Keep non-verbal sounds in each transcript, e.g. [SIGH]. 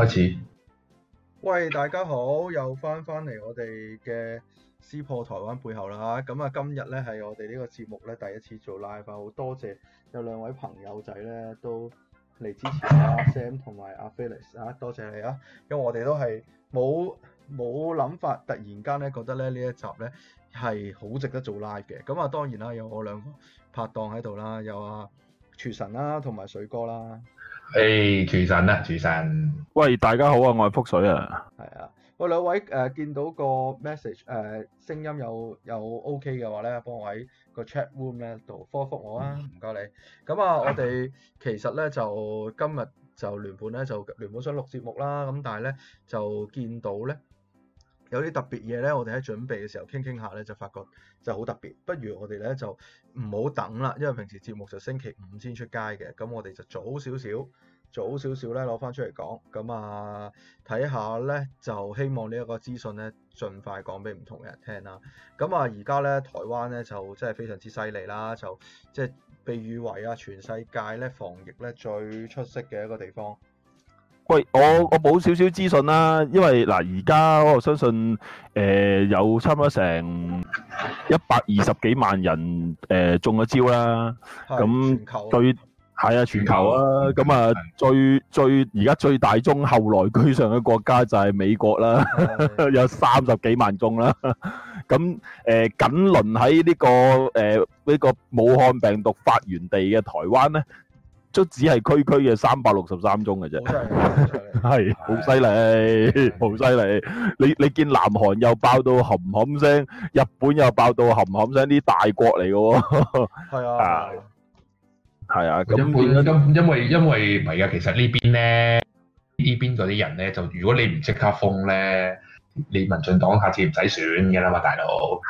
開始，喂，大家好，又翻翻嚟我哋嘅撕破台灣背後啦嚇，咁啊今日咧係我哋呢個節目咧第一次做 live，好多謝有兩位朋友仔咧都嚟支持啊 Sam 同埋阿 Felix 啊，多謝你啊，因為我哋都係冇冇諗法，突然間咧覺得咧呢一集咧係好值得做 live 嘅，咁啊當然啦，有我兩個拍檔喺度啦，有阿、啊、廚神啦同埋水哥啦。誒，廚神啊，廚神！喂，大家好啊，我係福水啊，係啊，喂兩位誒，見到個 message 誒，聲音有有 OK 嘅話咧，幫我喺個 chat room 咧度覆一覆我啊，唔該你。咁啊，我哋其實咧就今日就聯本咧就聯本想錄節目啦，咁但係咧就見到咧有啲特別嘢咧，我哋喺準備嘅時候傾傾下咧，就發覺就好特別，不如我哋咧就唔好等啦，因為平時節目就星期五先出街嘅，咁我哋就早少少。早少少咧，攞翻出嚟講，咁啊睇下咧，就希望呢一個資訊咧，盡快講俾唔同嘅人聽啦。咁啊，而家咧台灣咧就真係非常之犀利啦，就即係、就是、被譽為啊全世界咧防疫咧最出色嘅一個地方。喂，我我補少少資訊啦，因為嗱而家我相信誒、呃、有差唔多成一百二十幾萬人誒、呃、中咗招啦，咁全球。係啊，全球啊，咁啊最最而家最大宗後來居上嘅國家就係美國啦，有三十幾萬宗啦。咁誒緊鄰喺呢個誒呢個武漢病毒發源地嘅台灣咧，都只係區區嘅三百六十三宗嘅啫。係，好犀利，好犀利。你你見南韓又爆到冚冚聲，日本又爆到冚冚聲，啲大國嚟嘅喎。係啊。係啊，根本因因為因為唔係其實呢邊咧呢邊嗰啲人咧，就如果你唔即刻封咧，你民進黨下次唔使選噶啦嘛，大佬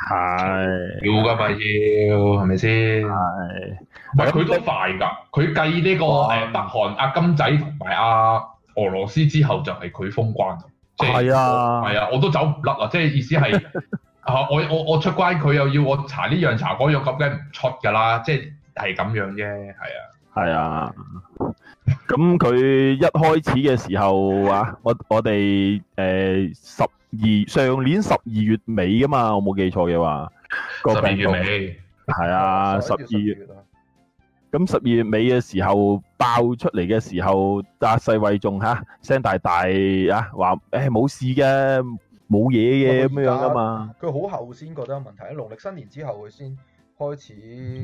係、啊、要噶嘛要係咪先？係，喂，佢都快噶，佢計呢個誒，北韓哇阿金仔同埋阿俄羅斯之後就係佢封關，即、就、係、是、啊，係啊、就是， [LAUGHS] 我都走唔甩啊，即係意思係我我我出關，佢又要我查呢樣查嗰樣，咁梗唔出噶啦，即、就、係、是。係咁樣啫，係啊，係啊。咁佢一開始嘅時候啊，我我哋誒十二上年十二月尾啊嘛，我冇記錯嘅話，十二月尾，係啊，十二月。咁十二月尾嘅時候爆出嚟嘅時候，咋世衞仲嚇聲大大啊，話誒冇事嘅，冇嘢嘅咁樣樣啊嘛。佢好後先覺得問題，喺農曆新年之後佢先。開始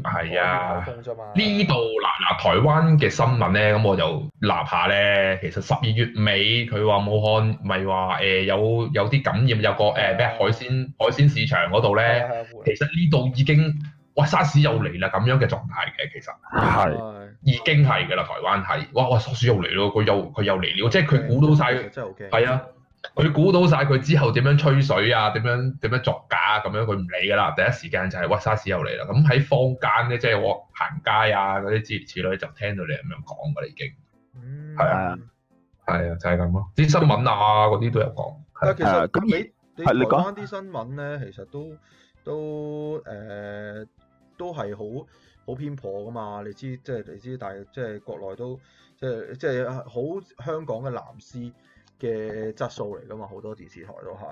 係啊，呢度嗱嗱台灣嘅新聞咧，咁我就諗下咧。其實十二月尾佢話武漢咪話誒有有啲感染，有個誒咩、欸、海鮮海鮮市場嗰度咧，其實呢度、啊啊、已經哇沙士又嚟啦咁樣嘅狀態嘅，其實係已經係嘅啦。台灣係哇哇沙士又嚟咯，佢又佢又嚟了，即係佢估到晒。真係好驚。係啊。佢估到晒佢之後點樣吹水啊？點樣點樣作假咁、啊、樣佢唔理噶啦，第一時間就係、是、哇沙士又嚟啦！咁喺坊間咧，即係我行街啊嗰啲諸如此類，就聽到你咁樣講噶啦已經，係、嗯、啊係啊，就係咁咯。啲新聞啊嗰啲都有講。啊，但其實咁、uh, 你、uh, 你講返啲新聞咧，uh, 其實都、uh, uh, 都誒、uh, 說都係好好偏頗噶嘛。你知即係、就是、你知，但係即係國內都即係即係好香港嘅藍絲嘅質素嚟噶嘛，好多電視台都係。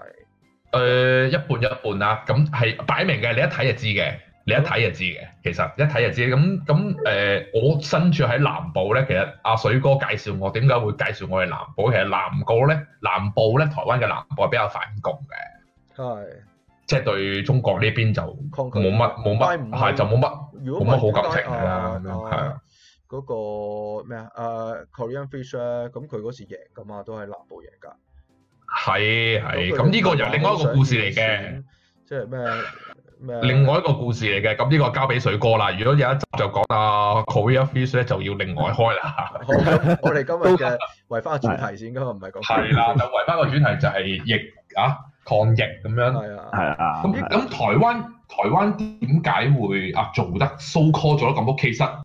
誒、呃，一半一半啊。咁係擺明嘅，你一睇就知嘅，你一睇就知嘅，其實一睇就知。咁咁誒，我身處喺南部咧，其實阿水哥介紹我點解會介紹我係南部，其實南部咧，南部咧，台灣嘅南部係比較反共嘅，係是，即係對中國呢邊就冇乜冇乜，係就冇乜冇乜好感情嘅，係、啊。嗰個咩啊？誒，Korean fish 咧，咁佢嗰時贏噶嘛，都係南部贏噶。係係，咁呢個又另外一個故事嚟嘅，即係咩咩？另外一個故事嚟嘅，咁呢個交俾水哥啦。如果有一集就講啊，Korea fish 咧就要另外開啦。我哋今日嘅圍翻個主題先，今日唔係講。係啦，就圍翻個主題就係疫啊，抗疫咁樣。係啊，係啊。咁咁，台灣台灣點解會啊做得 so call 咗咁好？其實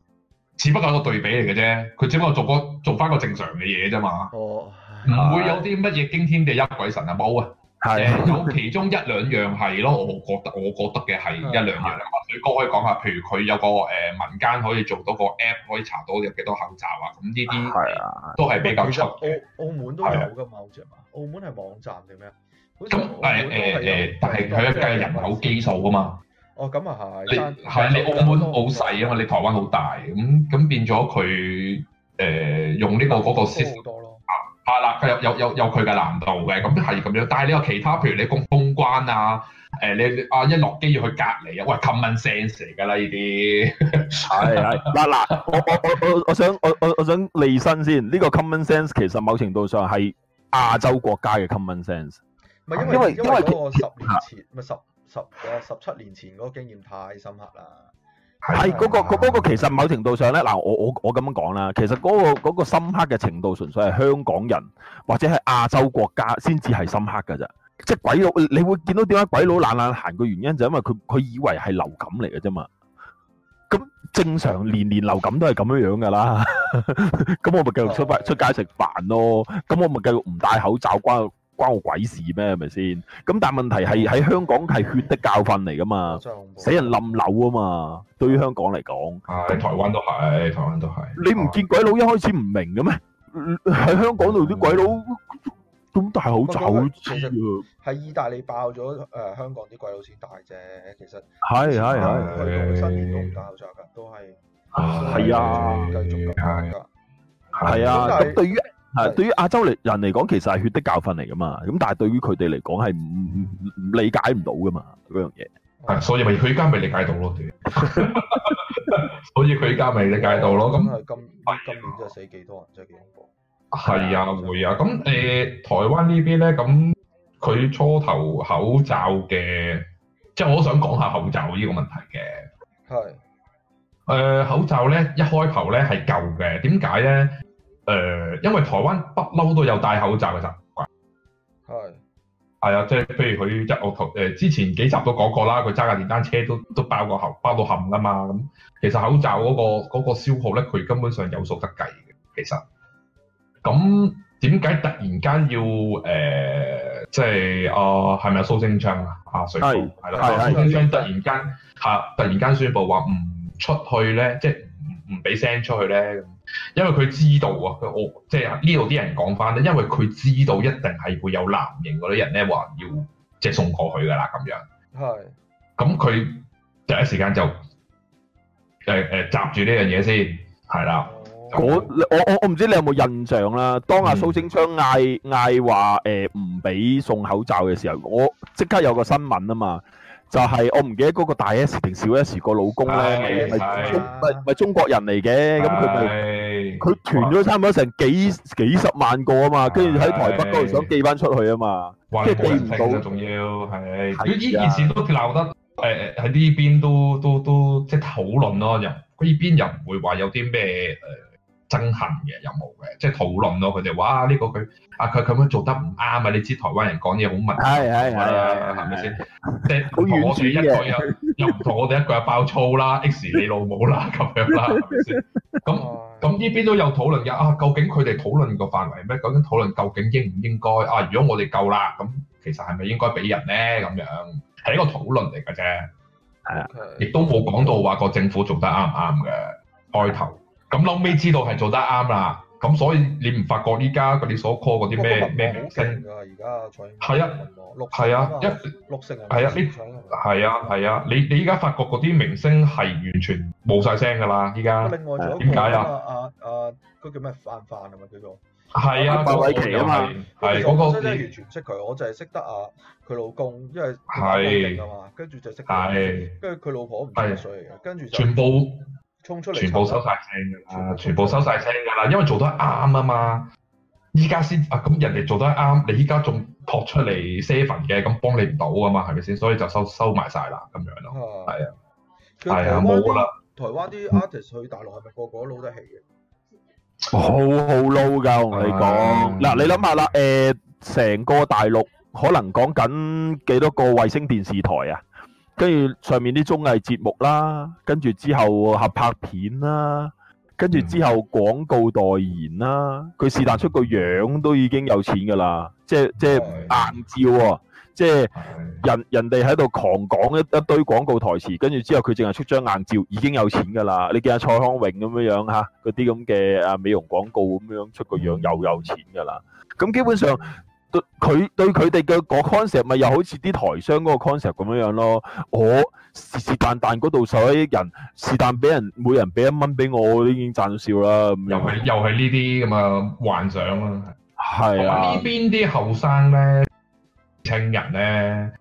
只不過有一個對比嚟嘅啫，佢只不過做個做翻個正常嘅嘢啫嘛，唔、oh, 會有啲乜嘢驚天地泣鬼神啊冇啊，的有、呃、的其中一兩樣係咯，我覺得我覺得嘅係一兩樣。咁啊的，水哥可以講下，譬如佢有個誒、呃、民間可以做到個 app 可以查到有幾多口罩啊，咁呢啲都係比較出嘅。的澳澳門都有㗎嘛，好似啊，澳門係網站定咩啊？咁誒誒誒，但係佢一計人口基數啊嘛。哦，咁啊係，你你澳門好細啊嘛，因為你台灣好大咁，咁變咗佢誒用呢、呢個嗰、欸、個 set 多咯，係啦、啊，佢、啊、有有有有佢嘅難度嘅，咁係咁樣。但係你有其他，譬如你封封關啊，誒、啊、你啊一落機要去隔離啊，喂 common sense 嚟㗎啦呢啲，係係嗱嗱，我我我我我想我我我想利申先，呢、呢個 common sense 其實某程度上係亞洲國家嘅 common sense，唔係因為因為因為十年前咪十。十個十七年前嗰個經驗太深刻啦，係嗰個嗰嗰個其實某程度上咧嗱，我我我咁樣講啦，其實嗰個嗰個深刻嘅程度，純粹係香港人或者係亞洲國家先至係深刻嘅啫，即係鬼佬你會見到點解鬼佬懶懶閒嘅原因，就因為佢佢以為係流感嚟嘅啫嘛，咁正常年年流感都係咁樣樣噶啦，咁我咪繼續出翻出街食飯咯，咁我咪繼續唔戴口罩關？關我鬼事咩？係咪先？咁但係問題係喺香港係血的教訓嚟噶嘛？死人冧樓啊嘛！對於香港嚟講，咁台灣都係，台灣都係。你唔見鬼佬一開始唔明嘅咩？喺香港度啲鬼佬咁都係好走啫。喺意大利爆咗，誒，香港啲鬼佬先大啫。其實係係係，新年都唔得，好在噶都係。係啊，繼續係。係啊，咁對於。係對於亞洲嚟人嚟講，其實係血的教訓嚟噶嘛，咁但係對於佢哋嚟講係唔唔理解唔到噶嘛嗰樣嘢，係所以咪佢而家未理解到咯，所以佢而家未理解到咯。咁今今年真係死幾多人，真係幾恐怖。係啊，會啊。咁誒，台灣呢邊咧，咁佢初頭口罩嘅，即係我都想講下口罩呢個問題嘅。係。誒，口罩咧一開頭咧係舊嘅，點解咧？誒、呃，因為台灣不嬲都有戴口罩嘅習慣，係係啊，即係譬如佢一我同誒之前幾集都講過啦，佢揸架電單車都都包個喉包到冚㗎嘛咁，其實口罩嗰、嗰個嗰個消耗咧，佢根本上有數得計嘅。其實咁點解突然間要誒、呃、即係啊係咪蘇貞昌啊？係係啦，蘇貞昌突然間嚇的、啊、突然間宣布話唔出去咧，即係唔俾聲出去咧。因為佢知道啊，我、哦、即係呢度啲人講返咧，因為佢知道一定係會有藍營嗰啲人咧，話要即係送過去㗎喇咁樣。係咁是，佢第一時間就誒誒攬住呢樣嘢先係啦。我我我唔知你有冇印象啦、啊。當阿蘇貞昌嗌嗌話誒唔俾送口罩嘅時候，我即刻有個新聞啊嘛。就係我唔記得嗰個大 S 定小 S 個老公咧，咪咪咪中國人嚟嘅，咁佢咪佢團咗差唔多成幾哇幾十萬個啊嘛，跟住喺台北度想寄翻出去啊嘛，即係是寄唔到，仲要係，的如果呢件事都鬧得誒喺呢邊都都都即係討論咯、啊，又呢邊又唔會話有啲咩誒。哎憎恨嘅任務嘅，即係討論到佢哋哇，呢個佢啊佢咁樣做得唔啱啊！你知台灣人講嘢好文，係係係咪先？即係同我哋一個又又唔同，我哋一個又爆粗啦，X 你老母啦，咁樣啦，係咪先？咁咁呢邊都有討論嘅啊，究竟佢哋討論個範圍咩？究竟討論究竟應唔應該啊？如果我哋夠啦，咁其實係咪應該俾人咧？咁樣係一個討論嚟嘅啫，係啊，亦都冇講到話個政府做得啱唔啱嘅開頭。咁後尾知道係做得啱啦，咁所以你唔發覺依家嗰啲所 call 嗰啲咩咩明星啊，而家係啊，係啊，一六成係啊，呢係啊係啊，你你依家發覺嗰啲明星係完全冇曬聲噶啦，依家點解啊？啊啊，嗰叫咩？範範係咪叫做，係啊，白偉琪啊嘛，係嗰個真真完全識佢，我就係識得啊佢老公，因為係嘛，跟住就識係，跟住佢老婆唔係水嚟嘅，跟住就全部。全部收曬聲㗎啦，全部收曬聲㗎啦，因為做得啱啊嘛。依家先啊，咁人哋做得啱，你依家仲撲出嚟 seven 嘅，咁幫你唔到啊嘛，係咪先？所以就收收埋曬啦，咁樣咯，係啊，係啊，冇啦。台灣啲 artist 去大陸係咪個個撈得起嘅？好好撈㗎，我同你講。嗱，你諗下啦，誒，成個大陸可能講緊幾多個衛星電視台啊？跟住上面啲綜藝節目啦，跟住之後合拍片啦，跟住之後廣告代言啦，佢是但出個樣都已經有錢㗎啦，即係即係硬照、喔，的即係人的人哋喺度狂講一一堆廣告台詞，跟住之後佢淨係出張硬照已經有錢㗎啦。你見下蔡康永咁樣樣嚇，嗰啲咁嘅啊美容廣告咁樣出個樣又有錢㗎啦。咁基本上。對佢對佢哋嘅個 concept 咪又好似啲台商嗰個 concept 咁樣樣咯。我是是但但嗰度受啲人是但俾人每人俾一蚊俾我，都已經賺到笑啦。又係又係呢啲咁嘅幻想啊，係啊，呢邊啲後生咧、青人咧，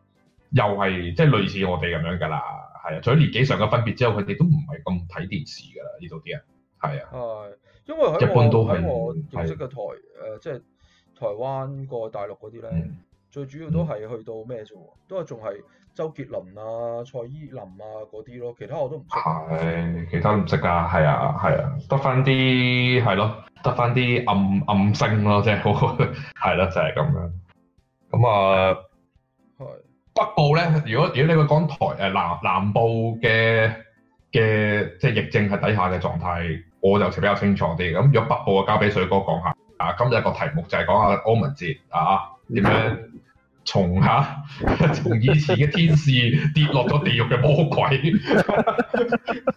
又係即係類似我哋咁樣噶啦。係啊，除咗年紀上嘅分別之後，佢哋都唔係咁睇電視噶啦呢度啲人，係啊，因為一般都係台即係。台灣過大陸嗰啲咧，嗯、最主要都係去到咩啫？嗯、都係仲係周杰倫啊、蔡依林啊嗰啲咯，其他我都唔係，其他唔識噶，係啊，係啊，得翻啲係咯，得翻啲暗暗星咯，即係，係咯，就係、是、咁樣。咁啊，係的北部咧，如果如果你會講台誒南南部嘅嘅即係疫症係底下嘅狀態，我就比較清楚啲。咁如果北部啊，交俾水哥講下。啊，今日個題目就係講下柯文哲啊，點樣從啊從以前嘅天使跌落咗地獄嘅魔鬼，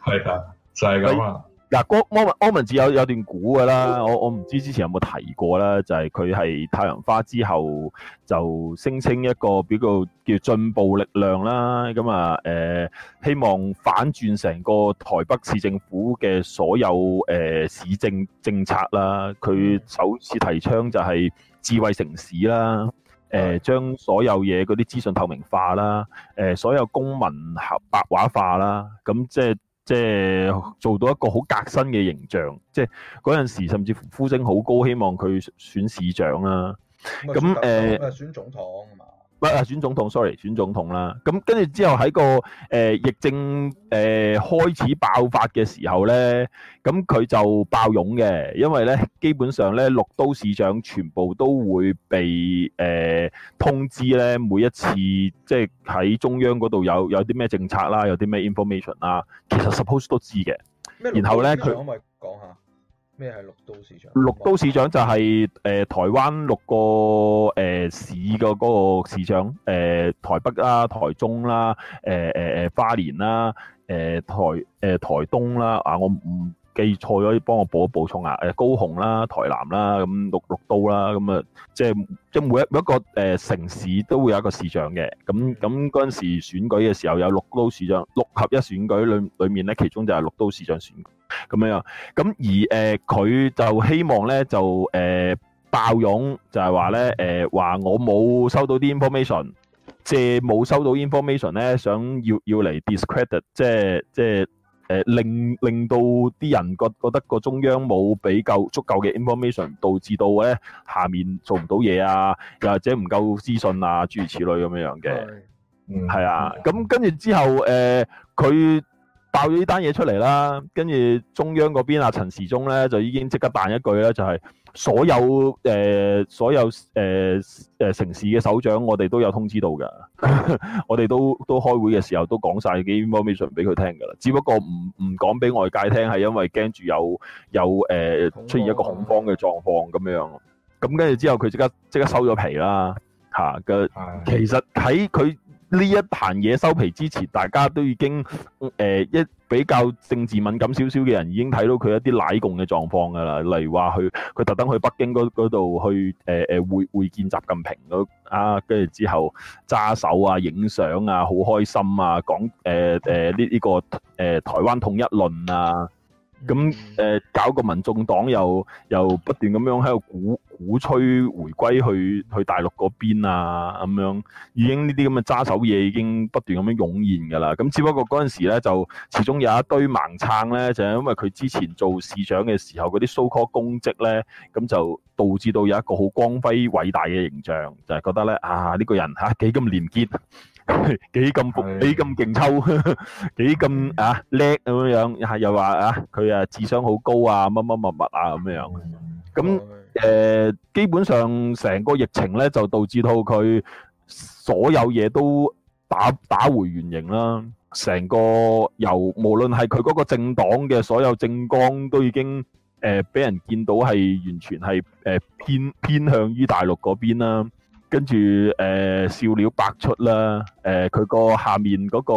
係 [LAUGHS] [LAUGHS] 啊，就係、是、咁啊。嗱，柯文、柯文哲有有段古噶啦，我我唔知之前有冇提過啦，就係佢係太陽花之後就聲稱一個比較叫進步力量啦，咁啊誒、呃、希望反轉成個台北市政府嘅所有誒、呃、市政政策啦，佢首次提倡就係智慧城市啦，誒、呃、將所有嘢嗰啲資訊透明化啦，誒、呃、所有公文合白話化啦，咁即係。即係做到一個好革新嘅形象，即係陣時甚至呼聲好高，希望佢選市長啦、啊。咁誒誒選總統啊嘛。呃唔係，選總統，sorry 選總統啦。咁跟住之後喺個誒、呃、疫症誒、呃、開始爆發嘅時候咧，咁、嗯、佢就爆擁嘅，因為咧基本上咧六都市長全部都會被誒、呃、通知咧，每一次即係喺中央嗰度有有啲咩政策啦，有啲咩 information 啦，其實 suppose 都知嘅。然後咧佢可唔可以講下。咩係六都市長？六都市長就係、是、誒、呃、台灣六個誒、呃、市嘅嗰個市長，誒、呃、台北啦、啊、台中啦、啊、誒誒誒花蓮啦、啊、誒、呃、台誒、呃、台東啦啊，啊！我唔記錯咗，幫我補一補充啊！誒、呃、高雄啦、啊、台南啦，咁六六都啦，咁啊，即係即係每一個每一個誒、呃、城市都會有一個市長嘅。咁咁嗰陣時選舉嘅時候有六都市長，六合一選舉裏裏面咧，其中就係六都市長選舉。咁樣樣，咁而佢、呃、就希望咧就誒、呃、爆勇，就係話咧誒話我冇收到啲 information，借冇收到 information 咧，想要要嚟 discredit，即即誒、呃、令令到啲人覺得覺得個中央冇俾夠足夠嘅 information，導致到咧下面做唔到嘢啊，又或者唔夠資訊啊諸如此類咁樣樣嘅，對的嗯，係啊、嗯，咁跟住之後誒佢。呃爆咗呢單嘢出嚟啦，跟住中央嗰邊啊，陳時中咧就已經即刻彈一句咧，就係、是、所有、呃、所有誒、呃呃呃呃呃、城市嘅首長，我哋都有通知到噶， [LAUGHS] 我哋都都開會嘅時候都講晒啲 information 俾佢聽噶啦，只不過唔唔講俾外界聽，係因為驚住有有誒、呃、出現一個恐慌嘅狀況咁樣。咁跟住之後，佢即刻即刻收咗皮啦，吓嘅。其實喺佢呢一壇嘢收皮之前，大家都已經誒、呃、一比較政治敏感少少嘅人已經睇到佢一啲奶共嘅狀況㗎啦，例如話去佢特登去北京嗰度去誒誒、呃、會會見習近平啊，跟住之後揸手啊、影相啊、好開心啊，講誒誒呢呢個誒、呃、台灣統一論啊。咁誒搞個民眾黨又又不斷咁樣喺度鼓鼓吹回歸去去大陸嗰邊啊，咁樣，已經呢啲咁嘅揸手嘢已經不斷咁樣湧現㗎啦。咁只不過嗰陣時咧，就始終有一堆盲撐咧，就係、是、因為佢之前做市長嘅時候嗰啲 so called 功績咧，咁就導致到有一個好光輝偉大嘅形象，就係、是、覺得咧啊呢、這個人嚇幾咁廉潔。啊幾咁搏，幾咁勁抽，幾咁啊叻咁樣樣，又又話啊佢啊智商好高啊乜乜物物啊咁樣樣，咁誒基本上成個疫情咧就導致到佢所有嘢，都打打回原形啦，成個由無論係佢嗰個政黨嘅所有政綱都已經誒俾人見到係完全係誒偏偏向於大陸嗰邊啦。跟住誒笑料百出啦，誒佢個下面嗰個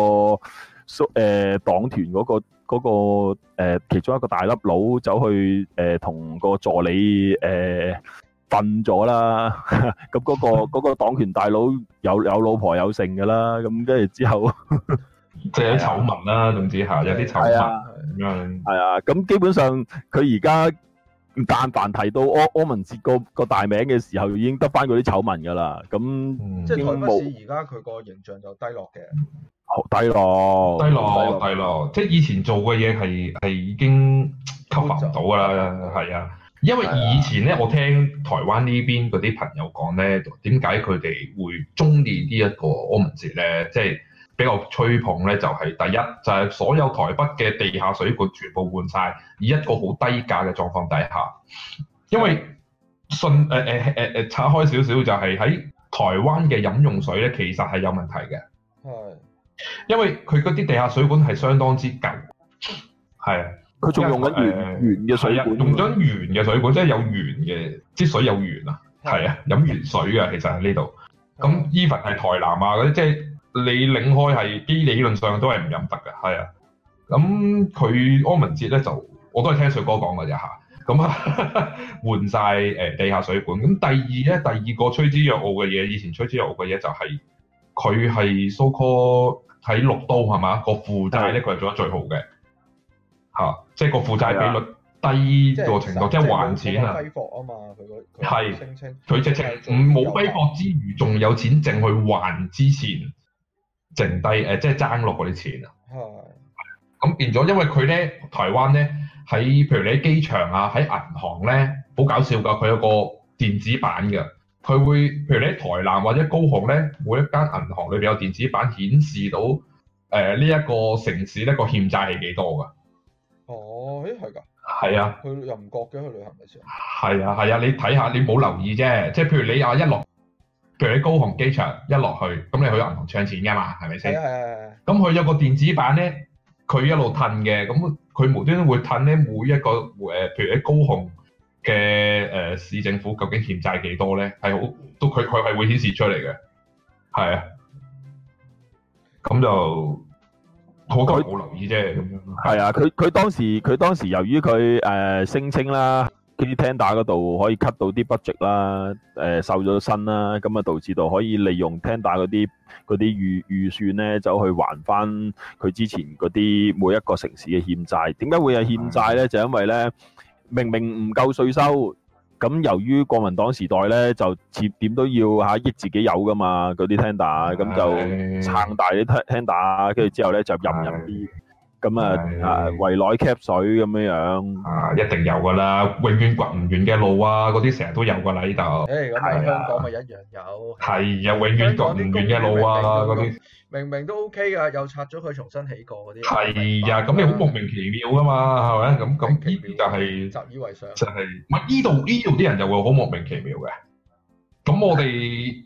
蘇誒黨團嗰個嗰個誒其中一個大粒佬走去誒同個助理誒瞓咗啦，咁嗰個嗰個黨團大佬有有老婆有性㗎啦，咁跟住之後即係啲醜聞啦，總之嚇有啲醜聞，係啊，咁基本上佢而家。但凡提到柯柯文哲個個大名嘅時候，已經得返嗰啲醜聞噶啦，咁即係台北市而家佢個形象就低落嘅，好，低落，低落，低落，低落即係以前做嘅嘢係係已經吸唔到啦，係、嗯、啊，啊因為以前咧，我聽台灣呢邊嗰啲朋友講咧，點解佢哋會鍾意呢一個柯文哲咧，即係。比較吹捧咧，就係、是、第一就係、是、所有台北嘅地下水管全部換晒，以一個好低價嘅狀況底下，因為信誒誒拆開少少就係、是、喺台灣嘅飲用水咧，其實係有問題嘅。的因為佢嗰啲地下水管係相當之舊，係。佢仲用咗鉛嘅水管。啊，用咗鉛嘅水管，即係有鉛嘅啲水有鉛啊。係啊的，飲鉛水啊，的其實喺呢度。咁 even 係台南啊嗰啲即係。你擰開係啲理論上都係唔飲得嘅，係啊。咁佢柯文哲咧，就我都係聽水哥講嘅啫吓。咁啊 [LAUGHS] 換晒誒、欸、地下水管。咁第二咧，第二個吹之若傲嘅嘢，以前吹之若傲嘅嘢就係佢係 so call 喺綠都係嘛個負債咧，佢係做得最好嘅嚇的，即係個負債比率低個程度，是的即係是還錢啊。揮霍啊嘛，佢聲稱佢直情，冇揮霍之餘，仲有錢剩去還之前。剩低誒，即係爭落嗰啲錢啊！係的，咁變咗，因為佢咧，台灣咧喺、啊，譬如你喺機場啊，喺銀行咧，好搞笑噶，佢有個電子版噶，佢會譬如你喺台南或者高雄咧，每一間銀行裏邊有電子版顯示到誒呢一個城市呢個欠債係幾多噶？哦，誒係㗎，係啊的，佢又唔覺嘅，去旅行嘅時候，係啊係啊，你睇下，你冇留意啫，即係譬如你啊一落。佢喺高雄機場一落去，咁你去銀行唱錢嘅嘛，係咪先？係咁佢有個電子版咧，佢一路褪嘅，咁佢無端端會褪咧，每一個誒、呃，譬如喺高雄嘅誒、呃、市政府究竟欠債幾多咧，係好都佢佢係會顯示出嚟嘅，係啊。咁就好耐冇留意啫。係他啊，佢佢當時佢當時由於佢誒、呃、聲稱啦。佢啲聽打嗰度可以 cut 到啲 budget 啦，誒瘦咗身啦，咁啊導致到可以利用聽打嗰啲嗰啲預預算咧，走去還翻佢之前嗰啲每一個城市嘅欠債。點解會係欠債咧？就因為咧，明明唔夠稅收，咁由於國民黨時代咧，就設點都要嚇益自己有噶嘛，嗰啲聽打，咁就撐大啲聽聽打，跟住之後咧就任任啲。咁啊，啊，圍內 cap 水咁樣樣，啊，一定有噶啦，永遠掘唔完嘅路啊，嗰啲成日都有噶啦呢度，係啊，香港咪一樣有，係啊，永遠掘唔完嘅路啊，嗰啲明明都 OK 噶，又拆咗佢重新起過嗰啲，係啊，咁你好莫名其妙噶嘛，係咪？咁咁呢啲就係習以為常，就係，唔係呢度呢度啲人就會好莫名其妙嘅，咁我哋。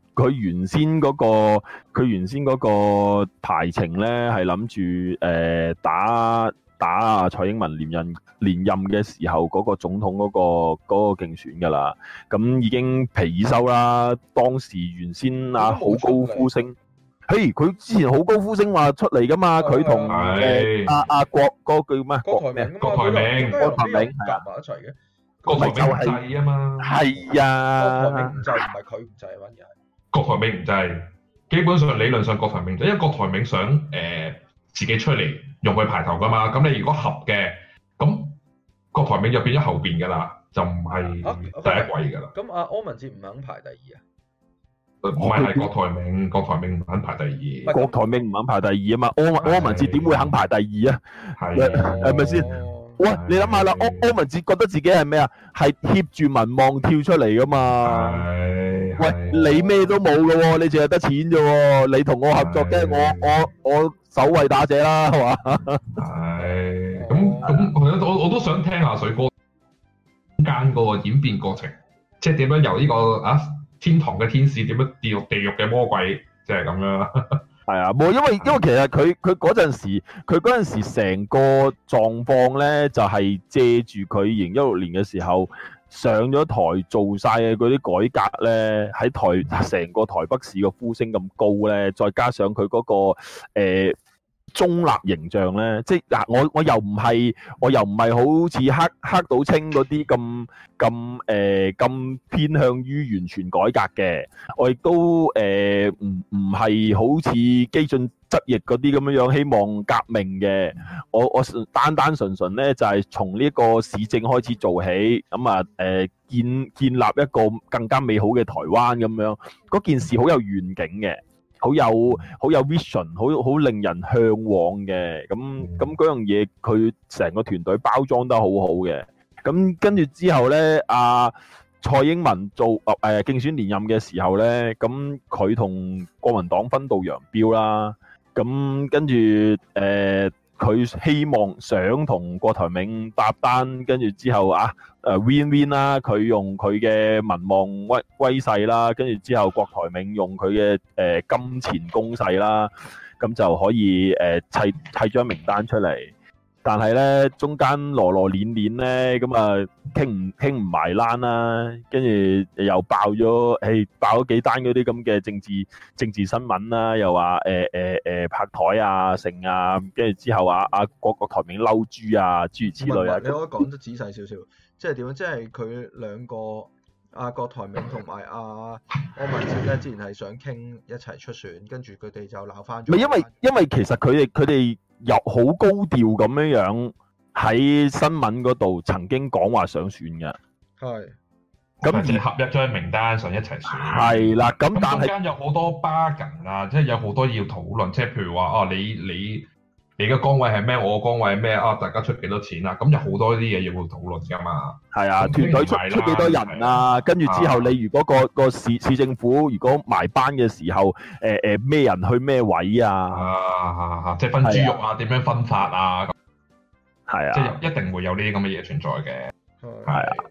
佢原先嗰個佢原先嗰個排程咧，係諗住誒打打啊蔡英文連任連任嘅時候嗰個總統嗰個嗰個競選噶啦，咁已經皮已收啦。當時原先啊好高呼聲，嘿佢之前好高呼聲話出嚟噶嘛，佢同阿阿郭嗰句咩啊郭台咩啊郭台銘郭台銘夾埋一齊嘅，郭台銘就係啊嘛，係啊，郭台銘就唔係佢唔制，反而。郭台銘唔制，基本上理論上郭台銘就係、因為郭台銘想誒、呃、自己出嚟用佢排頭噶嘛，咁你如果合嘅，咁郭台銘就變咗後邊噶啦，就唔係第一位噶啦。咁阿、okay, okay, okay. 啊、柯文哲唔肯排第二啊？唔係係郭台銘，郭台銘唔肯排第二。郭是台銘唔肯排第二啊嘛，柯，的柯文哲點會肯排第二啊？係係咪先？喂，你諗下啦，柯文哲覺得自己係咩啊？係貼住民望跳出嚟噶嘛？啊、喂，你咩都冇噶喎，你淨係得錢啫喎，你同我合作嘅、啊，我我我手圍打者啦，係嘛？係。咁咁，我我都想聽下水哥間個演變過程，即係點樣由呢、這個啊天堂嘅天使，點樣掉地獄嘅魔鬼，即係咁樣係啊，冇，因為因為其實佢佢嗰陣時，佢嗰陣時成個狀況咧，就係借住佢二零一六年嘅時候。上咗台做晒嘅嗰啲改革咧，喺台成個台北市嘅呼聲咁高咧，再加上佢嗰個呃中立形象呢，即係嗱，我我又唔係，我又唔係好似黑黑到清嗰啲咁咁誒咁偏向於完全改革嘅，我亦都誒唔唔係好似激進執逆嗰啲咁樣樣希望革命嘅，我我單單純純咧就係從呢個市政開始做起，咁啊誒建建立一個更加美好嘅台灣咁樣，嗰件事好有願景嘅。好有好有 vision，好好令人向往嘅。咁咁嗰樣嘢佢成個團隊包裝得好好嘅，咁跟住之後呢，阿、啊、蔡英文做誒、啊、競選連任嘅時候呢，咁佢同國民黨分道揚鑣啦，咁跟住誒。啊佢希望想同郭台銘搭單，跟住之後啊，誒 win win 啦。佢用佢嘅民望威威勢啦，跟住之後郭台銘用佢嘅誒金錢攻勢啦，咁就可以誒、呃、砌砌張名單出嚟。但係咧，中間羅羅連連咧，咁啊傾唔傾唔埋單啦，跟住又爆咗，誒爆咗幾單嗰啲咁嘅政治政治新聞啦，又話誒誒誒拍台啊成啊，跟住之後啊啊郭郭台銘嬲豬啊諸如此類啊，你可以講得仔細少少， [LAUGHS] 即係點樣？即係佢兩個阿郭、啊、台銘同埋阿柯文哲咧，之前係想傾一齊出選，跟住佢哋就鬧翻咗。唔係因為因為其實佢哋佢哋。又好高調咁樣喺新聞嗰度曾經講話想選嘅，係咁而合一張名單上一齊選，係啦而。咁但係中間有好多 bargain 啊，即係有好多要討論，即係譬如話哦、啊，你你。你嘅崗位係咩？我嘅崗位係咩？啊！大家出幾多錢啊？咁有好多啲嘢要討論噶嘛。係啊，團隊出出幾多人啊？跟住、啊、之後，你如果個個市市政府如果埋班嘅時候，誒誒咩人去咩位啊？啊，即係、啊就是、分豬肉啊，點、啊、樣分法啊？係啊，即係樣、啊、一定會有呢啲咁嘅嘢存在嘅。係啊。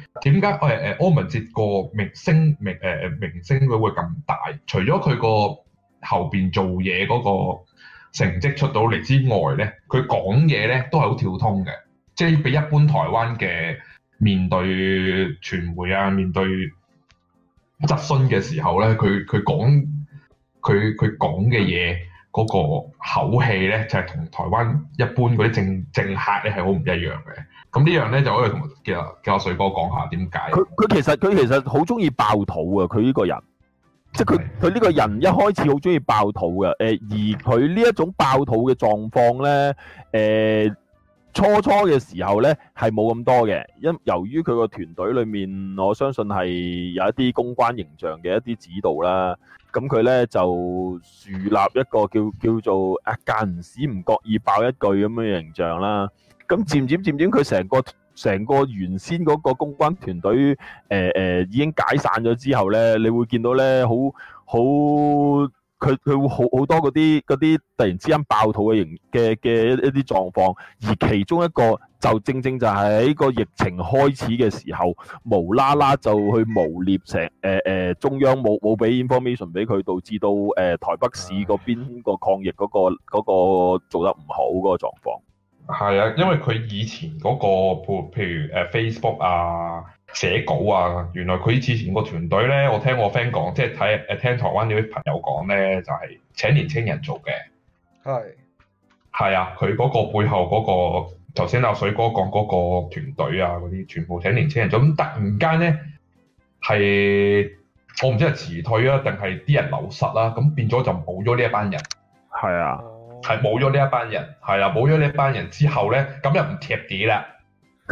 點解誒誒柯文哲個明星明誒誒，呃、明星佢會咁大？除咗佢個後邊做嘢嗰個成績出到嚟之外咧，佢講嘢咧都係好跳通嘅，即係比一般台灣嘅面對傳媒啊、面對質詢嘅時候咧，佢佢講佢佢講嘅嘢。嗰個口氣咧，就係、是、同台灣一般嗰啲政政客咧係好唔一樣嘅。咁呢樣咧就可以同嘅叫阿水哥講下點解。佢佢其實佢其實好中意爆肚啊！佢呢個人，即係佢佢呢個人一開始好中意爆肚嘅。誒，而佢呢一種爆肚嘅狀況咧，誒、呃。初初嘅時候呢，係冇咁多嘅，因由於佢個團隊裏面，我相信係有一啲公關形象嘅一啲指導啦。咁佢呢就樹立一個叫叫做誒間唔時唔覺意爆一句咁嘅形象啦。咁漸漸漸漸，佢成個成個原先嗰個公關團隊，誒誒已經解散咗之後呢，你會見到呢，好好。佢佢會好好多嗰啲啲突然之間爆肚嘅形嘅嘅一啲狀況，而其中一個就正正就係喺個疫情開始嘅時候，無啦啦就去誣衊成誒誒中央冇冇俾 information 俾佢，導致到誒、呃、台北市嗰邊個抗疫嗰、嗰個嗰個做得唔好嗰個狀況。係啊，因為佢以前嗰、嗰個譬，譬如誒、呃、Facebook 啊。寫稿啊！原來佢之前個團隊咧，我聽我 friend 講，即係睇誒聽台灣嗰啲朋友講咧，就係、是、請年青人做嘅。係係是啊，佢嗰個背後嗰、那個頭先阿水哥講嗰個團隊啊，嗰啲全部請年青人做。咁突然間咧，係我唔知係辭退啊，定係啲人流失啦。咁變咗就冇咗呢一班人。係啊，係冇咗呢一班人，係啊，冇咗呢一班人之後咧，咁又唔貼地啦。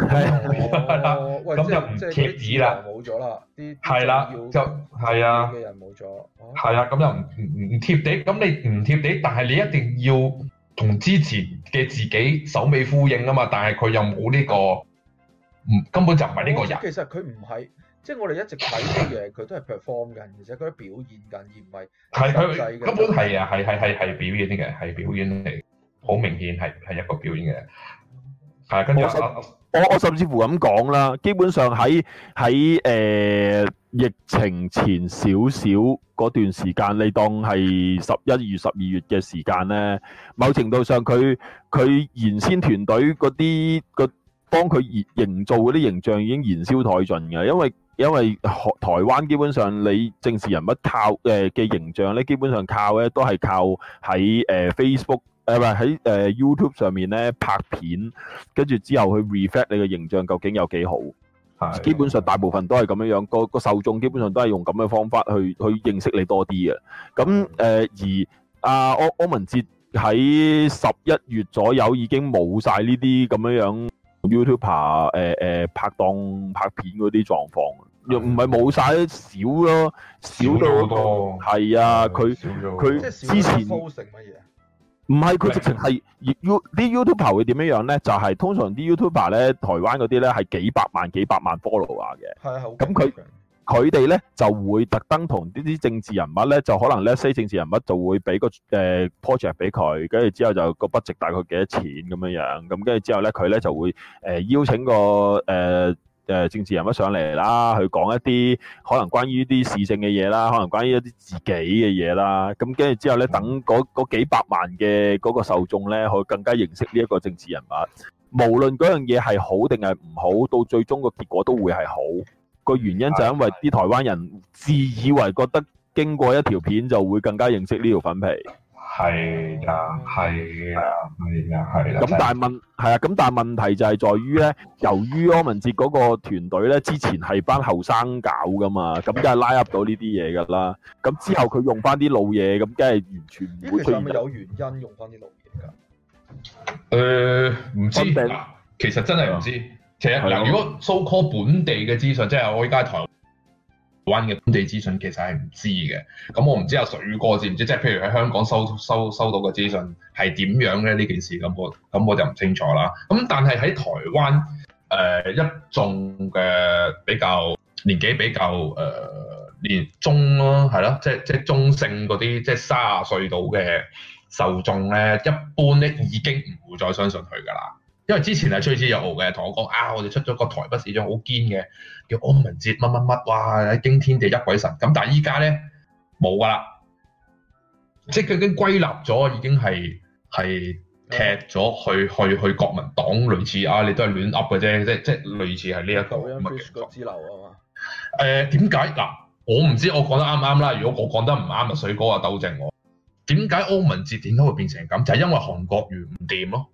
係啦，咁就唔貼紙啦，冇咗啦，係啦，就係啊，啲人冇咗，係啊，咁又唔唔貼地，咁你唔貼地，但係你一定要同之前嘅自己首尾呼應啊嘛，但係佢又冇呢、這個，唔根本就唔係呢個人。哦、其實佢唔係，即係我哋一直睇啲嘢，佢都係 perform 嘅，而且佢喺表、就是、表演緊，而唔係係佢根本係啊，係係係係表演呢嘅，係表演嚟，好明顯係係一個表演嘅，係跟住我我甚至乎咁講啦，基本上喺喺誒疫情前少少嗰段時間，你當係十一月、十二月嘅時間呢，某程度上佢佢原先團隊嗰啲個幫佢營造嗰啲形象已經燃燒殆盡嘅，因為因為台灣基本上你政治人物靠嘅形象呢，基本上靠呢都係靠喺 Facebook。喺誒、呃、YouTube 上面咧拍片，跟住之後去 reflect 你嘅形象究竟有幾好？係嘅，基本上大部分都係咁樣樣，個個受眾基本上都係用咁嘅方法去去認識你多啲嘅。咁誒、呃、而阿柯柯文哲喺十一月左右已經冇晒呢啲咁樣樣 YouTuber 誒、呃、誒、呃、拍檔拍片嗰啲狀況了，又唔係冇晒，少咯，少到係啊佢佢之前。唔係佢直情係 U 啲 YouTuber 會點樣樣咧？就係通常啲 YouTuber 咧，台灣嗰啲咧係幾百萬幾百萬 follower 嘅。係啊，咁佢佢哋咧就會特登同呢啲政治人物咧，就可能咧些政治人物就會俾個誒 project 俾佢，跟住之後就個 budget 大概幾多錢咁樣樣，咁跟住之後咧佢咧就會誒邀請個誒。誒政治人物上嚟啦，去講一啲可能關於啲市政嘅嘢啦，可能關於一啲自己嘅嘢啦，咁跟住之後呢，等嗰嗰幾百萬嘅嗰個受眾呢，去更加認識呢一個政治人物。無論嗰樣嘢係好定係唔好，到最終個結果都會係好。個原因就因為啲台灣人自以為覺得經過一條片就會更加認識呢條粉皮。係啊，係啊，係啊，係啦。咁但係問，係啊，咁但係問題就係在於咧，由於柯文哲嗰個團隊咧，之前係班後生搞噶嘛，咁梗係拉入到呢啲嘢噶啦。咁之後佢用翻啲老嘢，咁梗係完全唔會。佢有，有，有原因用翻啲老嘢噶。誒、呃，唔知嗱，嗯、其實真係唔知。嗯、其實的如果搜、so、call 本地嘅資訊，即、就、係、是、我依家台。台灣嘅本地資訊其實係唔知嘅，咁我唔知阿、啊、水哥知唔知，即係譬如喺香港收收收到嘅資訊係點樣咧？呢件事咁我咁我就唔清楚啦。咁但係喺台灣誒、呃、一眾嘅比較年紀比較誒、呃、年中咯、啊，係咯，即係即係中性嗰啲，即係卅歲到嘅受眾咧，一般咧已經唔會再相信佢噶啦。因為之前係吹之有傲嘅，同我講啊，我哋出咗個台北市長好堅嘅，叫柯文哲乜乜乜，哇喺驚天地一鬼神。咁但係依家咧冇噶啦，即係佢已經歸納咗，已經係係踢咗去去去國民黨類似啊，你都係亂噏嘅啫，即即類似係呢一個乜嘅。國之流啊嘛。誒、呃，點解嗱？我唔知我講得啱唔啱啦。如果我講得唔啱，阿水哥啊，糾正我。點解柯文哲點解會變成咁？就係、是、因為韓國瑜唔掂咯。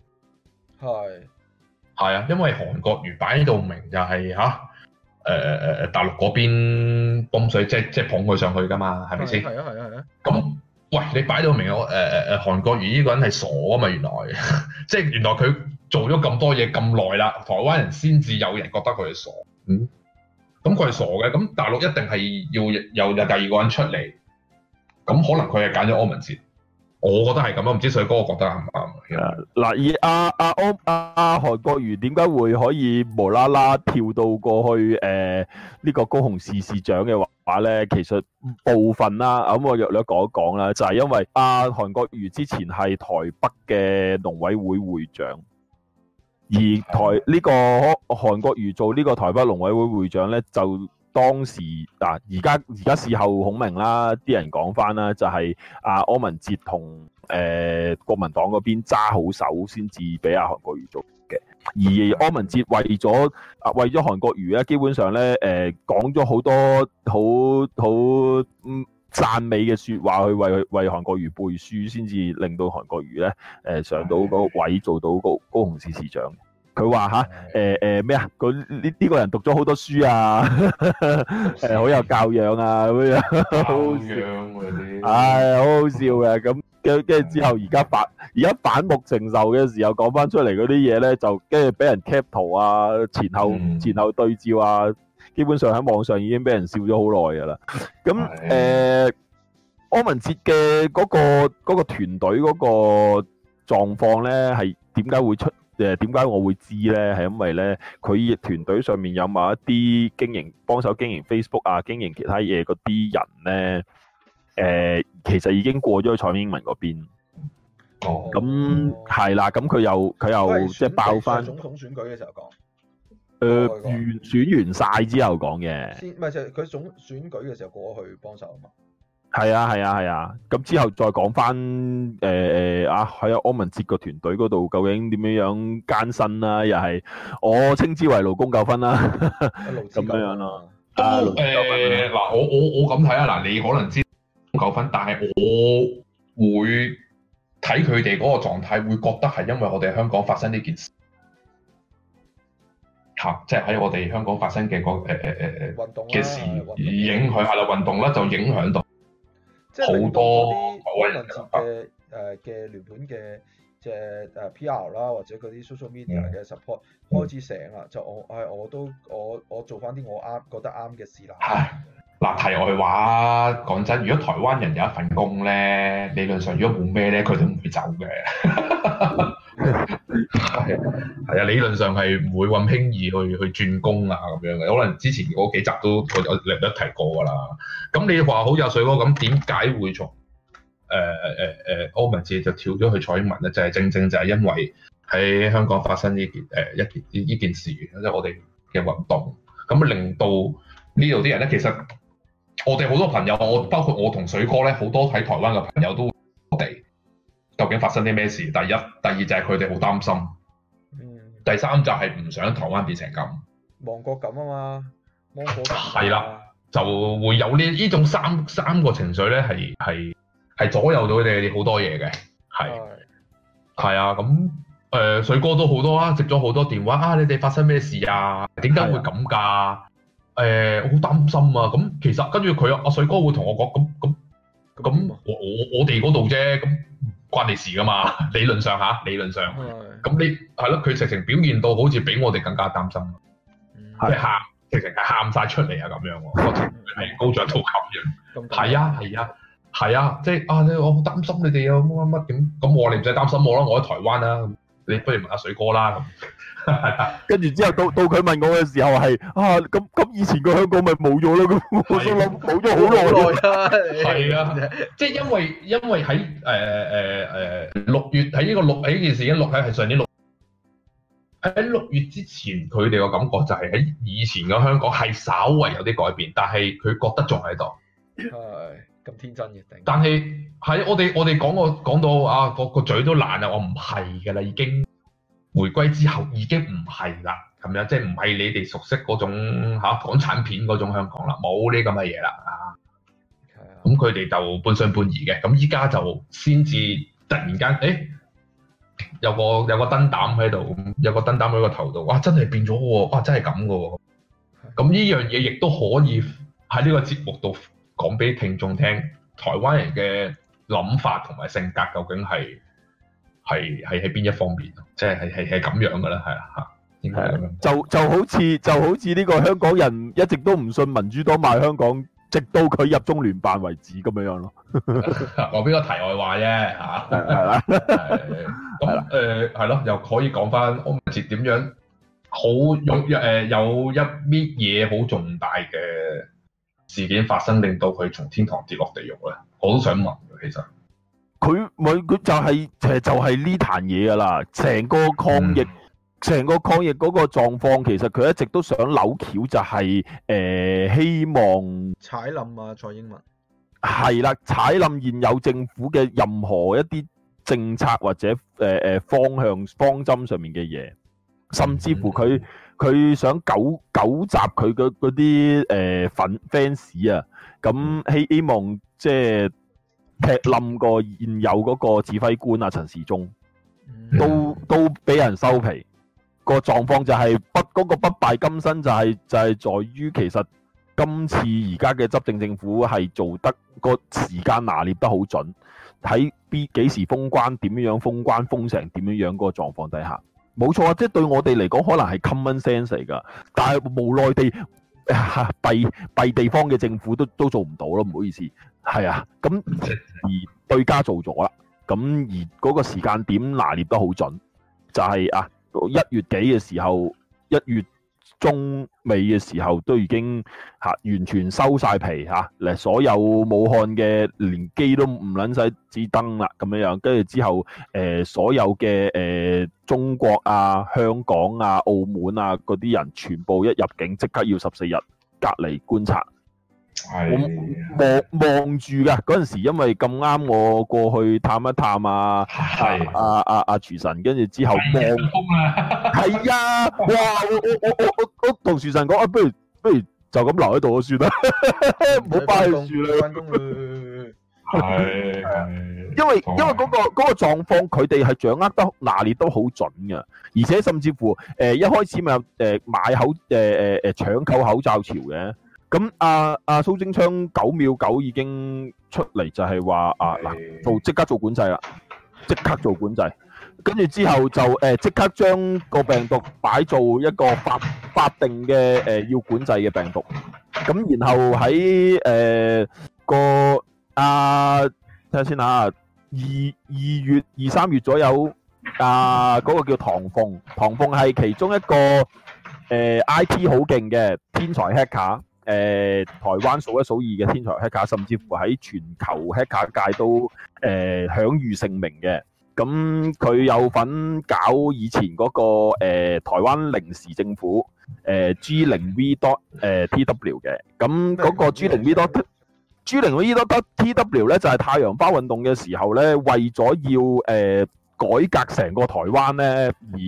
係，係啊，因為韓國瑜擺到明，明就係、是、吓，誒誒誒大陸嗰邊泵水，即即捧佢上去噶嘛，係咪先？係啊係啊係啊。咁、啊啊嗯、喂，你擺到明我誒誒誒，韓、呃、國瑜呢個人係傻啊嘛，原來，呵呵即係原來佢做咗咁多嘢咁耐啦，台灣人先至有人覺得佢係傻，嗯？咁佢係傻嘅，咁、嗯、大陸一定係要有有第二個人出嚟，咁、嗯嗯嗯、可能佢係揀咗柯文哲。我覺得係咁咯，唔知水哥我覺得啱唔啱？嗱、啊，而阿阿歐阿韓國瑜點解會可以無啦啦跳到過去誒呢、呃呢個高雄市市長嘅話咧？其實部分啦、啊，咁我略略講一講啦，就係、是、因為阿、啊、韓國瑜之前係台北嘅農委會會長，而台呢、呢個韓國瑜做呢個台北農委會會,會長咧就。當時嗱，而家而家事後孔明啦，啲人講返啦，就係、是、阿、啊、柯文哲同誒、呃、國民黨嗰邊揸好手先至俾阿韓國瑜做嘅。而柯文哲為咗、啊、為咗韓國瑜咧，基本上咧誒、呃、講咗好多好好讚美嘅説話去為為韓國瑜背書，先至令到韓國瑜咧誒、呃、上到個位做到高高雄市市長。佢話吓，誒誒咩啊？佢呢呢個人讀咗好多書啊，係好 [LAUGHS] 有教養啊咁樣。教養喎、啊，係好 [LAUGHS] 好笑嘅的。咁跟跟住之後，而家反而家反目成仇嘅時候講翻出嚟嗰啲嘢咧，就跟住俾人 cap 圖啊，前後、嗯、前後對照啊，基本上喺網上已經俾人笑咗好耐噶啦。咁誒，柯的、呃、文哲嘅嗰、那個嗰、那個團隊嗰個狀況咧，係點解會出？誒點解我會知咧？係因為咧，佢團隊上面有某一啲經營幫手經營 Facebook 啊，經營其他嘢嗰啲人咧，誒、呃、其實已經過咗去蔡英文嗰邊。哦，咁係啦，咁佢、哦、又佢又即係爆翻總統選舉嘅時候講。誒完選完晒之後講嘅。先唔係就佢總選舉嘅時候過去幫手啊嘛。係啊，係啊，係啊。咁、啊、之後再講翻誒誒，阿喺阿柯文哲個團隊嗰度，究竟點樣樣艱辛啦、啊？又係我稱之為勞工糾紛啦、啊，咁、啊、 [LAUGHS] 樣咯。都嗱、欸樣啊，我我我咁睇啊。嗱，你可能知糾紛，但係我會睇佢哋嗰個狀態，會覺得係因為我哋香港發生呢件事，嚇，即係喺我哋香港發生嘅嗰誒誒誒運動嘅事，呃啊、影響下嚟運動啦，就影響到。即係好多節日嘅誒嘅聯合嘅嘅誒 PR 啦，或者嗰啲 social media 嘅 support 開始醒啦，嗯、就我係我都我我做翻啲我啱覺得啱嘅事啦。係嗱唉、嗯呃、題外話，講、嗯、真，如果台灣人有一份工咧，理論上如果冇咩咧，佢都唔會走嘅。 [LAUGHS] 係， [LAUGHS] 啊，啊，理論上係唔會咁輕易去去轉工啊咁樣嘅。可能之前嗰幾集都我我你有提過㗎喇。咁你話好有水哥咁，點解會從誒誒誒柯文哲就跳咗去蔡英文咧？就係、是、正正就係因為喺香港發生呢件誒、呃、一件呢呢件，件，件事，即、就、係、是、我哋嘅運動，咁令到這呢度啲人咧，其實我哋好多朋友，我包括我同水哥咧，好多喺台灣嘅朋友都。究竟發生啲咩事？第一、第二就係佢哋好擔心。嗯、第三就係唔想台灣變成咁。亡國感啊嘛，亡國感啊。係啦，就會有呢呢種，種三三個情緒咧，係係係左右到你哋好多嘢嘅，係係啊。咁誒、呃，水哥都好多啊，接咗好多電話啊！你哋發生咩事啊？點解會咁㗎？誒、呃，我好擔心啊！咁其實跟住佢阿水哥會同我講咁咁。咁我我哋嗰度啫，咁關你事噶嘛？理論上吓、啊，理論上，咁 Yeah. 你係咯，佢直情表現到好似比我哋更加擔心咯，即係喊、mm.，直情係喊晒出嚟啊咁樣，個情緒係高咗一度咁樣，係啊係啊係啊，即係啊！我好擔心你哋啊，乜乜乜咁，咁我你唔使擔心我啦，我喺台灣啦。你不如問阿水哥啦咁， [LAUGHS] 跟住之後到到佢問我嘅時候，係啊咁咁，以前個香港咪冇咗咯咁， [LAUGHS] 我都諗冇咗好耐啦。係啊的，即係、 [LAUGHS] 就是、因為因為喺誒誒誒六月喺呢個六喺件事件，呢六喺係上年六喺六月之前，佢哋個感覺就係喺以前嘅香港係稍為有啲改變，但係佢覺得仲喺度。係。 [LAUGHS] 咁天真嘅，但係喺我哋我哋講個講到啊，個個嘴都爛啦，我唔係噶啦，已經回歸之後已經唔係啦，咁樣即係唔係你哋熟悉嗰種、啊、港產片嗰種香港啦，冇呢咁嘅嘢啦啊，咁佢哋就半信半疑嘅，咁依家就先至突然間，誒、欸、有個有個燈膽喺度，有個燈膽喺個頭度，哇！真係變咗喎、啊，哇！真係咁噶喎，咁呢的、嗯、樣嘢亦都可以喺呢個節目度。講俾聽眾聽，台灣人嘅諗法同埋性格究竟係係係喺邊一方面，即係係係咁樣嘅咧？係啊嚇，係就就好似就好似呢個香港人一直都唔信民主黨賣香港，直到佢入中聯辦為止咁樣樣咯。講 [LAUGHS] 邊 [LAUGHS] 個題外話啫？嚇係啦。咁誒係咯，又可以講翻，我唔知點樣好，有誒有一啲嘢好重大嘅。事件發生令到佢從天堂跌落地獄咧，我都想問其實佢咪佢就係其實就係呢壇嘢噶啦，成個抗疫成、嗯、個抗疫嗰個狀況，其實佢一直都想扭橋，就係，就係誒希望踩冧啊蔡英文係啦，踩冧現有政府嘅任何一啲政策或者誒誒、呃、方向方針上面嘅嘢，甚至乎佢。嗯嗯佢想糾糾集佢嗰啲誒粉 fans 啊，咁希希望、嗯、即係劈冧個現有嗰個指揮官啊，陳時中、嗯、都都俾人收皮。嗰個狀況就係不嗰、嗰個不敗金身就係、是、就係、是、在於其實今次而家嘅執政政府係做得、嗰個時間拿捏得好準，睇必幾時封關，點樣封關封城點樣樣嗰個狀況底下。冇錯啊，即係對我哋嚟講，可能係 common sense 嚟㗎，但係無奈地弊地方嘅政府都都做唔到咯，唔好意思，係啊，咁而對家做咗啦，咁而嗰個時間點拿捏得好準，就係啊一月幾嘅時候，一月。中美嘅時候都已經嚇完全收曬皮嚇，嗱所有武漢嘅連機都唔撚使止燈啦，咁樣樣跟住之後，誒所有嘅誒中國啊、香港啊、澳門啊嗰啲人，全部一入境即刻要十四日隔離觀察。係我望望住噶，嗰陣時因為咁啱我過去探一探啊，係阿阿阿廚神，跟住之後，係望啊，哇！我我我我我同廚神講啊、哎，不如不如就咁留喺度算啦，唔好翻去算啦。係，因為因為嗰個嗰個狀況，佢哋係掌握得拿捏都好準嘅，而且甚至乎誒、呃、一開始咪有誒買口誒誒誒搶購口罩潮嘅。咁啊！啊，蘇貞昌九秒九已經出嚟，就係話啊，嗱做即刻做管制啦，即刻做管制。跟住之後就誒即刻將個病毒擺做一個法法定嘅誒要管制嘅病毒。咁然後喺誒個啊睇下先嚇，二二月二三月左右啊嗰個叫唐鳳，唐鳳係其中一個誒 IT 好勁嘅天才 hacker。誒、呃、台灣數一數二嘅天才黑客，甚至乎喺全球黑客界都誒、呃、享譽盛名嘅。咁、嗯、佢有份搞以前嗰、那個、呃、台灣零時政府誒、呃、G 零 V 多、呃、T W 嘅。咁、嗯、嗰、那個 G 零 V 多 G 零 V 多 T W 咧，就係、是、太陽花運動嘅時候咧，為咗要誒，呃改革成個台灣呢，而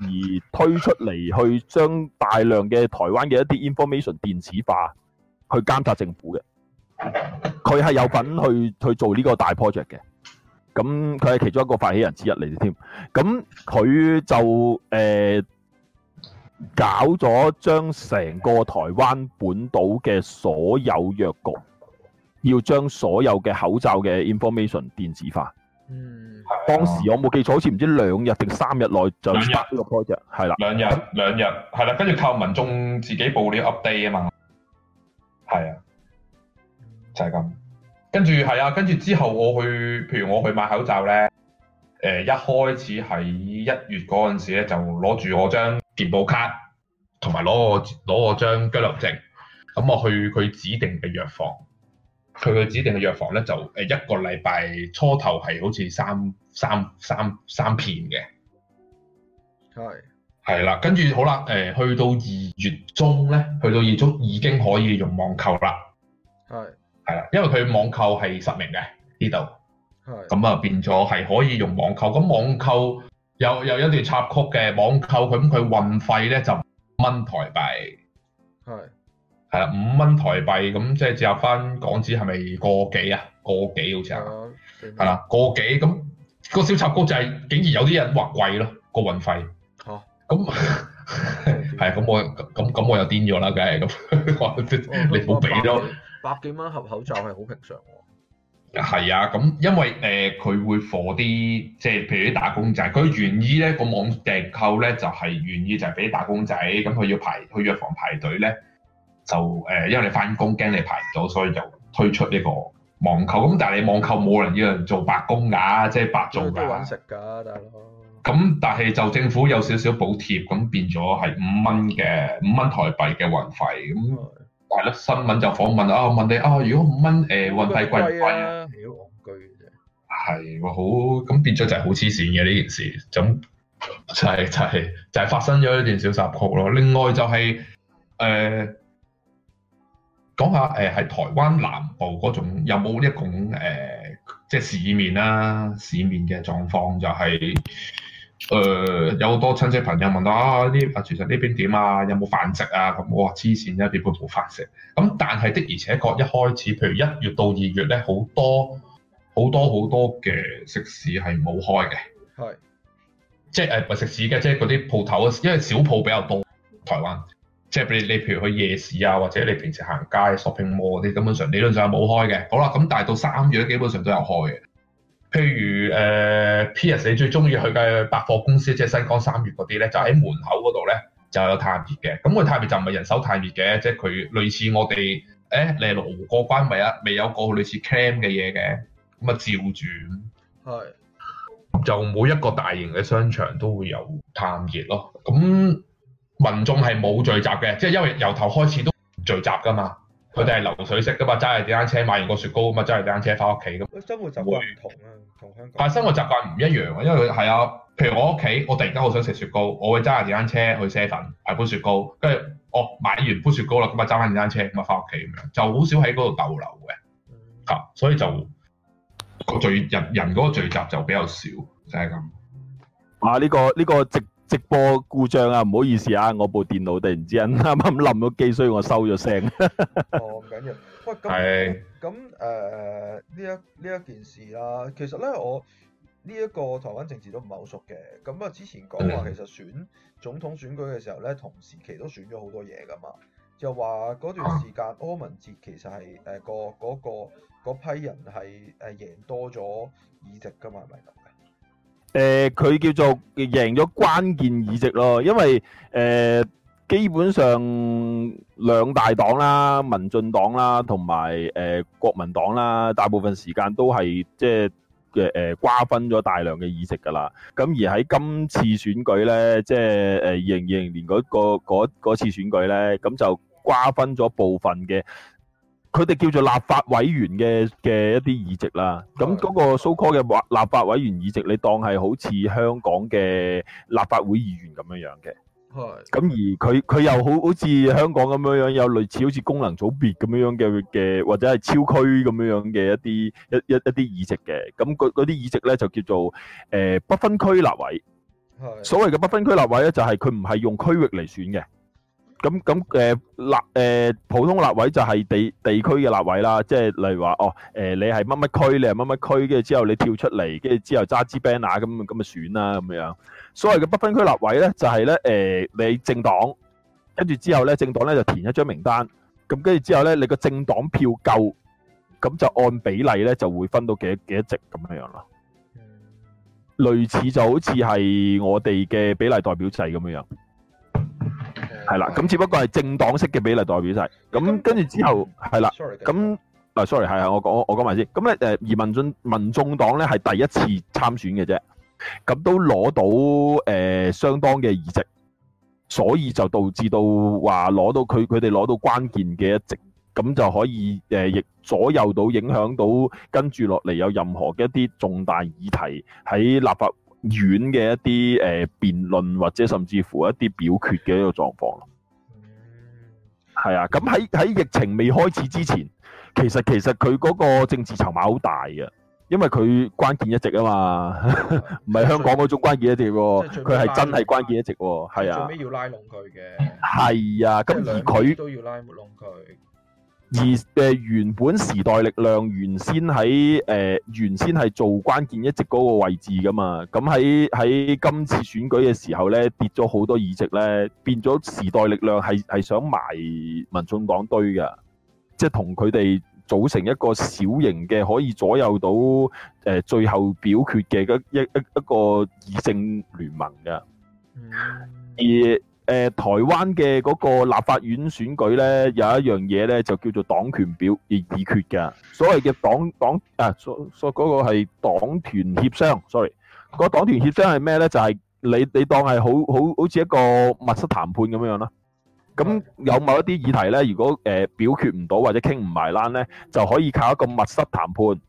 而推出嚟去將大量嘅台灣嘅一啲 information 電子化，去監察政府嘅。佢係有份去去做呢個大 project 嘅。咁佢係其中一個發起人之一嚟添。咁佢就誒、呃、搞咗將成個台灣本島嘅所有藥局，要將所有嘅口罩嘅 information 電子化。嗯，當時我冇記錯，啊、好似唔知兩日定三日內就發呢個 project 啫，係啦日，兩的日兩、嗯、日係啦，跟住靠民眾自己報料、update 啊嘛，係啊，就係、是、咁，跟住係啊，跟住之後我去，譬如我去買口罩咧，誒、呃，一開始喺一月嗰陣時咧，就攞住我張健保卡，同埋攞我攞我張居留證，咁我去佢指定嘅藥房。佢嘅指定嘅藥房咧，就誒，一個禮拜初頭係好似三三三三片嘅，係係啦，跟住好啦，誒去到二月中咧，去到二月中已經可以用網購啦，係係啦，因為佢網購係實名嘅呢度，係咁啊，變咗係可以用網購，咁網購有，有一段插曲嘅，網購佢，咁佢運費咧就一蚊台幣，係。係啊，五蚊台幣，咁即係折合翻港紙係咪個幾啊？個幾好似啊，係啦，個幾。咁個小插曲就係竟然有啲人話貴咯個運費，好，咁係啊，咁我咁咁我又癲咗啦，梗係咁， [LAUGHS] 我哦、你冇俾、哦、多百幾蚊盒口罩係好平常喎，係啊，咁因為誒佢、呃、會貨啲即係譬如啲打工仔，佢願意咧個網訂購咧就係願意就係俾打工仔，咁佢要排去藥房排隊咧。就誒、呃，因為你翻工驚你排唔到，所以就推出一個網購。咁但係你網購冇人要人做白工㗎，即係白做㗎。好多食㗎，大佬。咁但係就政府有少少補貼，咁變咗係五蚊嘅五蚊台幣嘅運費。咁係啦，的新聞就訪問啊，我問你啊，如果五蚊誒運費貴唔貴啊？屌，憨居嘅啫。係好咁變咗就係好黐線嘅呢件事，就係、是、就係、是、就係、是、發生咗一段小插曲咯。另外就係、是、誒。呃講下誒喺台灣南部嗰種有冇一種誒、呃、即市面啦、啊、市面嘅狀況就係、是、誒、呃、有好多親戚朋友問到啊，呢啊，其實呢邊點啊，有冇飯食啊？咁我話黐線啫，根本冇飯食。咁但係的而且確一開始，譬如一月到二月咧，好多好多好多嘅食肆係冇開嘅，係是即誒食肆嘅，即嗰啲鋪頭啊，因為小鋪比較多，台灣。即係譬如你譬如去夜市啊，或者你平時行街、shopping mall 啲，根本上理論上係冇開嘅。好啦，咁但係到三月，基本上都有開嘅。譬如誒、呃、Piers，你最中意去嘅百貨公司，即係新光三越嗰啲咧，就喺門口嗰度咧就有探熱嘅。咁佢探熱就唔係人手探熱嘅，即係佢類似我哋誒你羅湖過關未啊？未有個類似 cam 嘅嘢嘅，咁啊照住。係。就每一個大型嘅商場都會有探熱咯。咁。民眾係冇聚集嘅，即係因為由頭開始都聚集噶嘛，佢哋係流水式噶嘛，揸住電單車買完個雪糕咁啊，揸住電單車翻屋企咁。生活習慣唔同啦、啊，同香港，但係生活習慣唔一樣啊，因為佢係啊，譬如我屋企，我突然間好想食雪糕，我會揸住電單車去 seven 買杯雪糕，跟住我買完杯雪糕啦，咁啊揸翻電單車咁啊翻屋企咁樣，就好少喺嗰度逗留嘅，啊、嗯，所以就個聚人人嗰個聚集就比較少，就係、是、咁。啊，呢、這個呢、這個直播故障啊！唔好意思啊，我部電腦突然之間啱啱冧咗機，所以我收咗聲。 [LAUGHS] 哦，唔緊要。喂，咁誒呢一呢一件事啦、啊，其實咧我呢一、個台灣政治都唔係好熟嘅。咁啊，之前講話其實選總統選舉嘅時候咧，同時期都選咗好多嘢噶嘛。就話嗰段時間、啊、柯文哲其實係誒、呃嗰個嗰個嗰批人係誒贏多咗議席噶嘛，係咪？誒，佢叫做贏咗關鍵議席咯，因為誒基本上兩大黨啦，民進黨啦，同埋誒國民黨啦，大部分時間都係即係誒誒瓜分咗大量嘅議席噶啦。咁而喺今次選舉咧，即係誒二零二零年嗰個嗰嗰次選舉咧，咁就瓜分咗部分嘅。佢哋叫做立法委員嘅嘅一啲議席啦，咁嗰個 so call 嘅話立法委員議席，你當係好似香港嘅立法會議員咁樣樣嘅，係。咁而佢佢又好好似香港咁樣樣，有類似好似功能組別咁樣樣嘅嘅，或者係超區咁樣樣嘅一啲一一一啲議席嘅，咁嗰嗰啲議席咧就叫做誒不分區立委。係所謂嘅不分區立委咧，就係佢唔係用區域嚟選嘅。咁咁誒立誒普通立委就係地地區嘅立委啦，即係例如話哦誒，你係乜乜區，你係乜乜區，跟住之後你跳出嚟，跟住之後揸支 banner 咁咁咪選啦咁樣樣。所謂嘅不分區立委咧，就係咧誒你政黨，跟住之後咧政黨咧就填一張名單，咁跟住之後咧你個政黨票夠，咁就按比例咧就會分到幾多幾多席咁樣樣咯。類似就好似係我哋嘅比例代表制咁樣樣。係啦，咁只不過係政黨式嘅比例代表晒，咁跟住之後係啦，咁啊，sorry，係啊，我講我講埋先，咁咧誒，而民進民進眾黨咧係第一次參選嘅啫，咁都攞到誒相當嘅議席，所以就導致到話攞到佢佢哋攞到關鍵嘅一席，咁就可以誒亦左右到影響到跟住落嚟有任何嘅一啲重大議題喺立法。遠嘅一啲誒辯論或者甚至乎一啲表決嘅一個狀況咯，係、嗯、啊，咁喺喺疫情未開始之前，其實其實佢嗰個政治籌碼好大嘅，因為佢關鍵一席啊嘛，唔係、嗯、 [LAUGHS] 香港嗰種關鍵一席喎，佢係、嗯嗯、真係關鍵一席喎，係啊，最尾要拉攏佢嘅，係啊，咁而佢都要拉攏佢。而誒、呃、原本時代力量原先喺誒、呃、原先係做關鍵一席嗰個位置噶嘛，咁喺喺今次選舉嘅時候咧，跌咗好多議席咧，變咗時代力量係係想埋民眾黨堆嘅，即係同佢哋組成一個小型嘅可以左右到誒、呃、最後表決嘅一一一一個議政聯盟嘅，嗯、而。誒台灣嘅嗰個立法院選舉咧，有一樣嘢咧就叫做黨權表而議決嘅，所謂嘅黨黨啊，所所嗰個係黨團協商，sorry，嗰個黨團協商係咩咧？就係你你當係好好好似一個密室談判咁樣樣啦。咁有某一啲議題咧，如果誒表決唔到或者傾唔埋欄咧，就可以靠一個密室談判。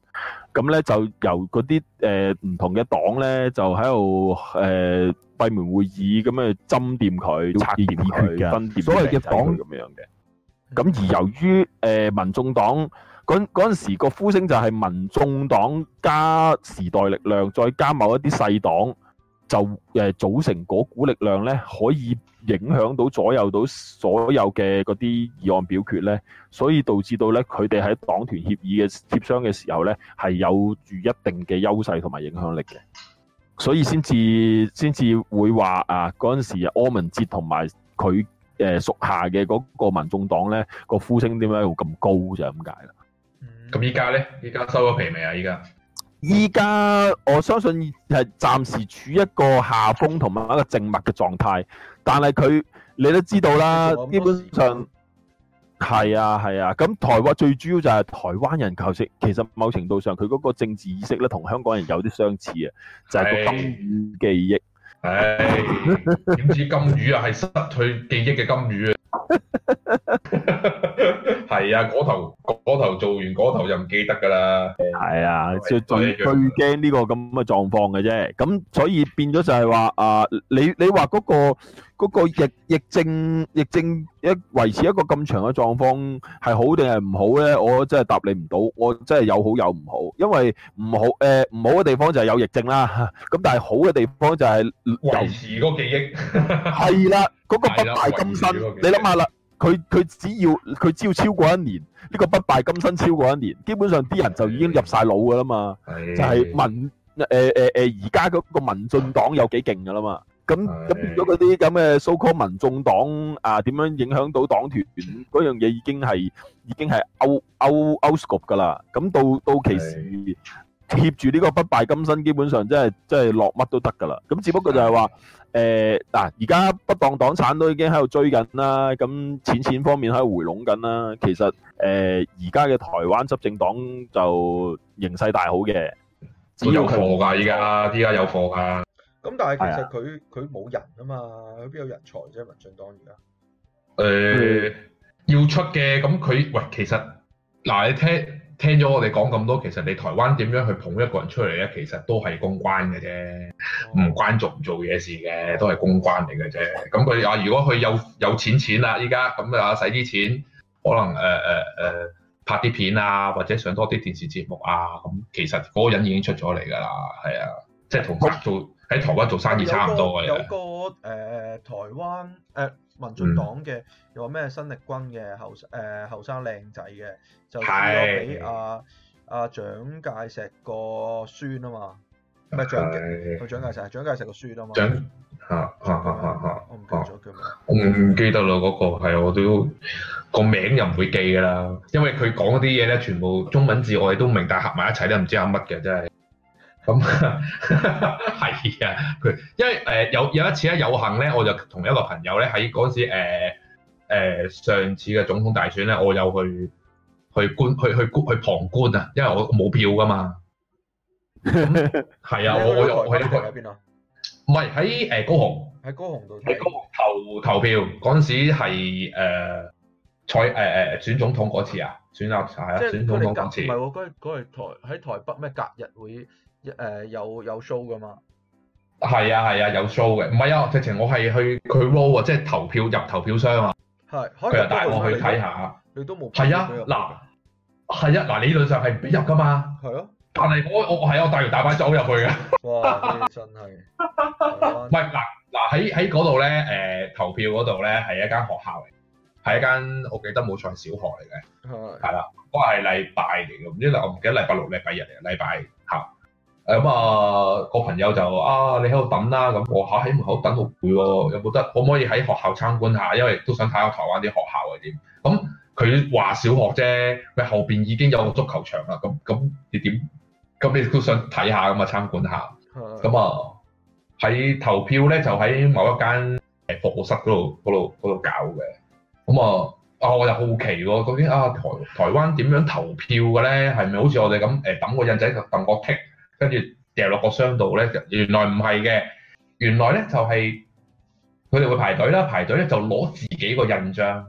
咁咧就由嗰啲誒唔同嘅黨咧就喺度誒。閉門會議咁樣針掂佢拆掂點缺嘅，分掂點細佢咁樣嘅。咁而由於誒民眾黨嗰嗰陣時個呼聲就係民眾黨加時代力量再加某一啲細黨，就誒組成嗰股力量咧，可以影響到左右到所有嘅嗰啲議案表決咧，所以導致到咧佢哋喺黨團協議嘅協商嘅時候咧，係有住一定嘅優勢同埋影響力嘅。所以先至先至會話啊！嗰陣時柯文哲同埋佢誒屬下嘅嗰個民眾黨咧，個呼聲點解會咁高就係咁解啦。咁依家咧，依家收咗皮未啊？依家依家我相信係暫時處一個下風同埋一個靜默嘅狀態，但係佢你都知道啦，基本上。係啊，係啊，咁台灣最主要就係台灣人構成，其實某程度上佢嗰個政治意識咧，同香港人有啲相似啊，就係個金魚記憶，係點知金魚啊，係失去記憶嘅金魚啊。 [LAUGHS] 係啊，嗰頭嗰頭做完嗰頭就唔記得㗎啦。係啊，最最驚呢個咁嘅狀況嘅啫。咁所以變咗就係話啊，你你話嗰個嗰個疫疫症疫症一維持一個咁長嘅狀況係好定係唔好咧？我真係答你唔到，我真係有好有唔好，因為唔好誒唔好嘅地方就係有疫症啦。咁但係好嘅地方就係維持個記憶。係啦，嗰個不敗金身，你諗下啦。佢佢只要佢只要超過一年，呢、這個不敗金身超過一年，基本上啲人就已經入晒腦㗎啦嘛。的就係民誒誒而家個民進黨有幾勁㗎啦嘛。咁咁變咗嗰啲咁嘅 so-call 民眾黨啊，點樣影響到黨團嗰樣嘢已經係已經係 out scope 㗎啦。咁到到其時的貼住呢個不敗金身，基本上真、就、係、是就是、落乜都得㗎啦。咁只不過就係話。誒，嗱、呃，而家不當黨產都已經喺度追緊啦，咁錢錢方面喺度回籠緊啦。其實誒，而家嘅台灣執政黨就形勢大好嘅，有貨噶依家，依家有貨噶。咁、嗯、但係其實佢佢冇人啊嘛，佢邊有人才啫？民進黨而家，誒、呃，要出嘅，咁佢喂，其實嗱、呃，你聽。聽咗我哋講咁多，其實你台灣點樣去捧一個人出嚟咧？其實都係公關嘅啫，唔、哦、關做唔做嘢事嘅，都係公關嚟嘅啫。咁佢話如果佢有有錢錢啦，依家咁啊使啲錢，可能誒誒、呃呃呃、拍啲片啊，或者上多啲電視節目啊，咁其實嗰個人已經出咗嚟㗎啦。係啊，即係同做喺台灣做生意差唔多嘅。有個誒、呃、台灣誒。呃民進黨嘅又話咩？新力軍嘅後誒後生靚仔嘅，就輸咗俾阿阿蔣介石個孫啊嘛，唔係蔣，係蔣介石，蔣介石個孫啊嘛。蔣，嚇嚇嚇嚇，我唔記得咗叫咩，我唔記得啦。嗰個係我都個名又唔會記㗎啦，因為佢講嗰啲嘢咧，全部中文字我哋都明，但係合埋一齊咧，都唔知講乜嘅真係。咁係啊，佢 [LAUGHS] 因為誒、呃、有有一次咧，有幸咧，我就同一個朋友咧喺嗰陣時誒、呃呃、上次嘅總統大選咧，我有去去觀去去去旁觀啊，因為我冇票㗎嘛。係、嗯、啊， [LAUGHS] 我去我有喺邊啊？唔係喺誒高雄。喺高雄度。喺高雄投投票嗰陣時係誒在誒誒選總統嗰次啊，選啊係啊，選總統嗰次。唔係喎，嗰日日台喺台北咩隔日會？一、嗯、有有 show 噶嘛？係啊係啊，有 show 嘅，唔係啊，直情我係去佢 roll 啊，即係投票入投票箱啊。係，佢、啊、又帶我去睇下你。你都冇係啊？嗱係啊，嗱理論上係唔俾入噶嘛。係啊，但係我我係、啊、我帶完大班走入去嘅。 [LAUGHS] 哇！真係唔係嗱嗱喺喺嗰度咧誒投票嗰度咧係一間學校嚟，係一間我記得冇錯係小學嚟嘅，係啦、啊啊，我係禮拜嚟嘅，唔知禮我唔記得禮拜六禮拜日嚟嘅禮拜。咁、嗯、啊！個朋友就啊，你喺度等啦。咁我吓喺、啊、門口等到攰喎、啊，有冇得可唔可以喺學校參觀下？因為都想睇下台灣啲學校係點。咁佢話小學啫，咪後面已經有個足球場啦。咁咁你點？咁你都想睇下咁啊參觀下。咁啊、 [LAUGHS] 嗯，喺投票咧就喺某一間服務室嗰度嗰度嗰度搞嘅。咁、嗯、啊啊！我就好奇喎、哦，究竟啊台台灣點樣投票嘅咧？係咪好似我哋咁等個印仔，就凳個剔？跟住掟落個箱度咧，原來唔係嘅，原來咧就係佢哋會排隊啦，排隊咧就攞自己個印章，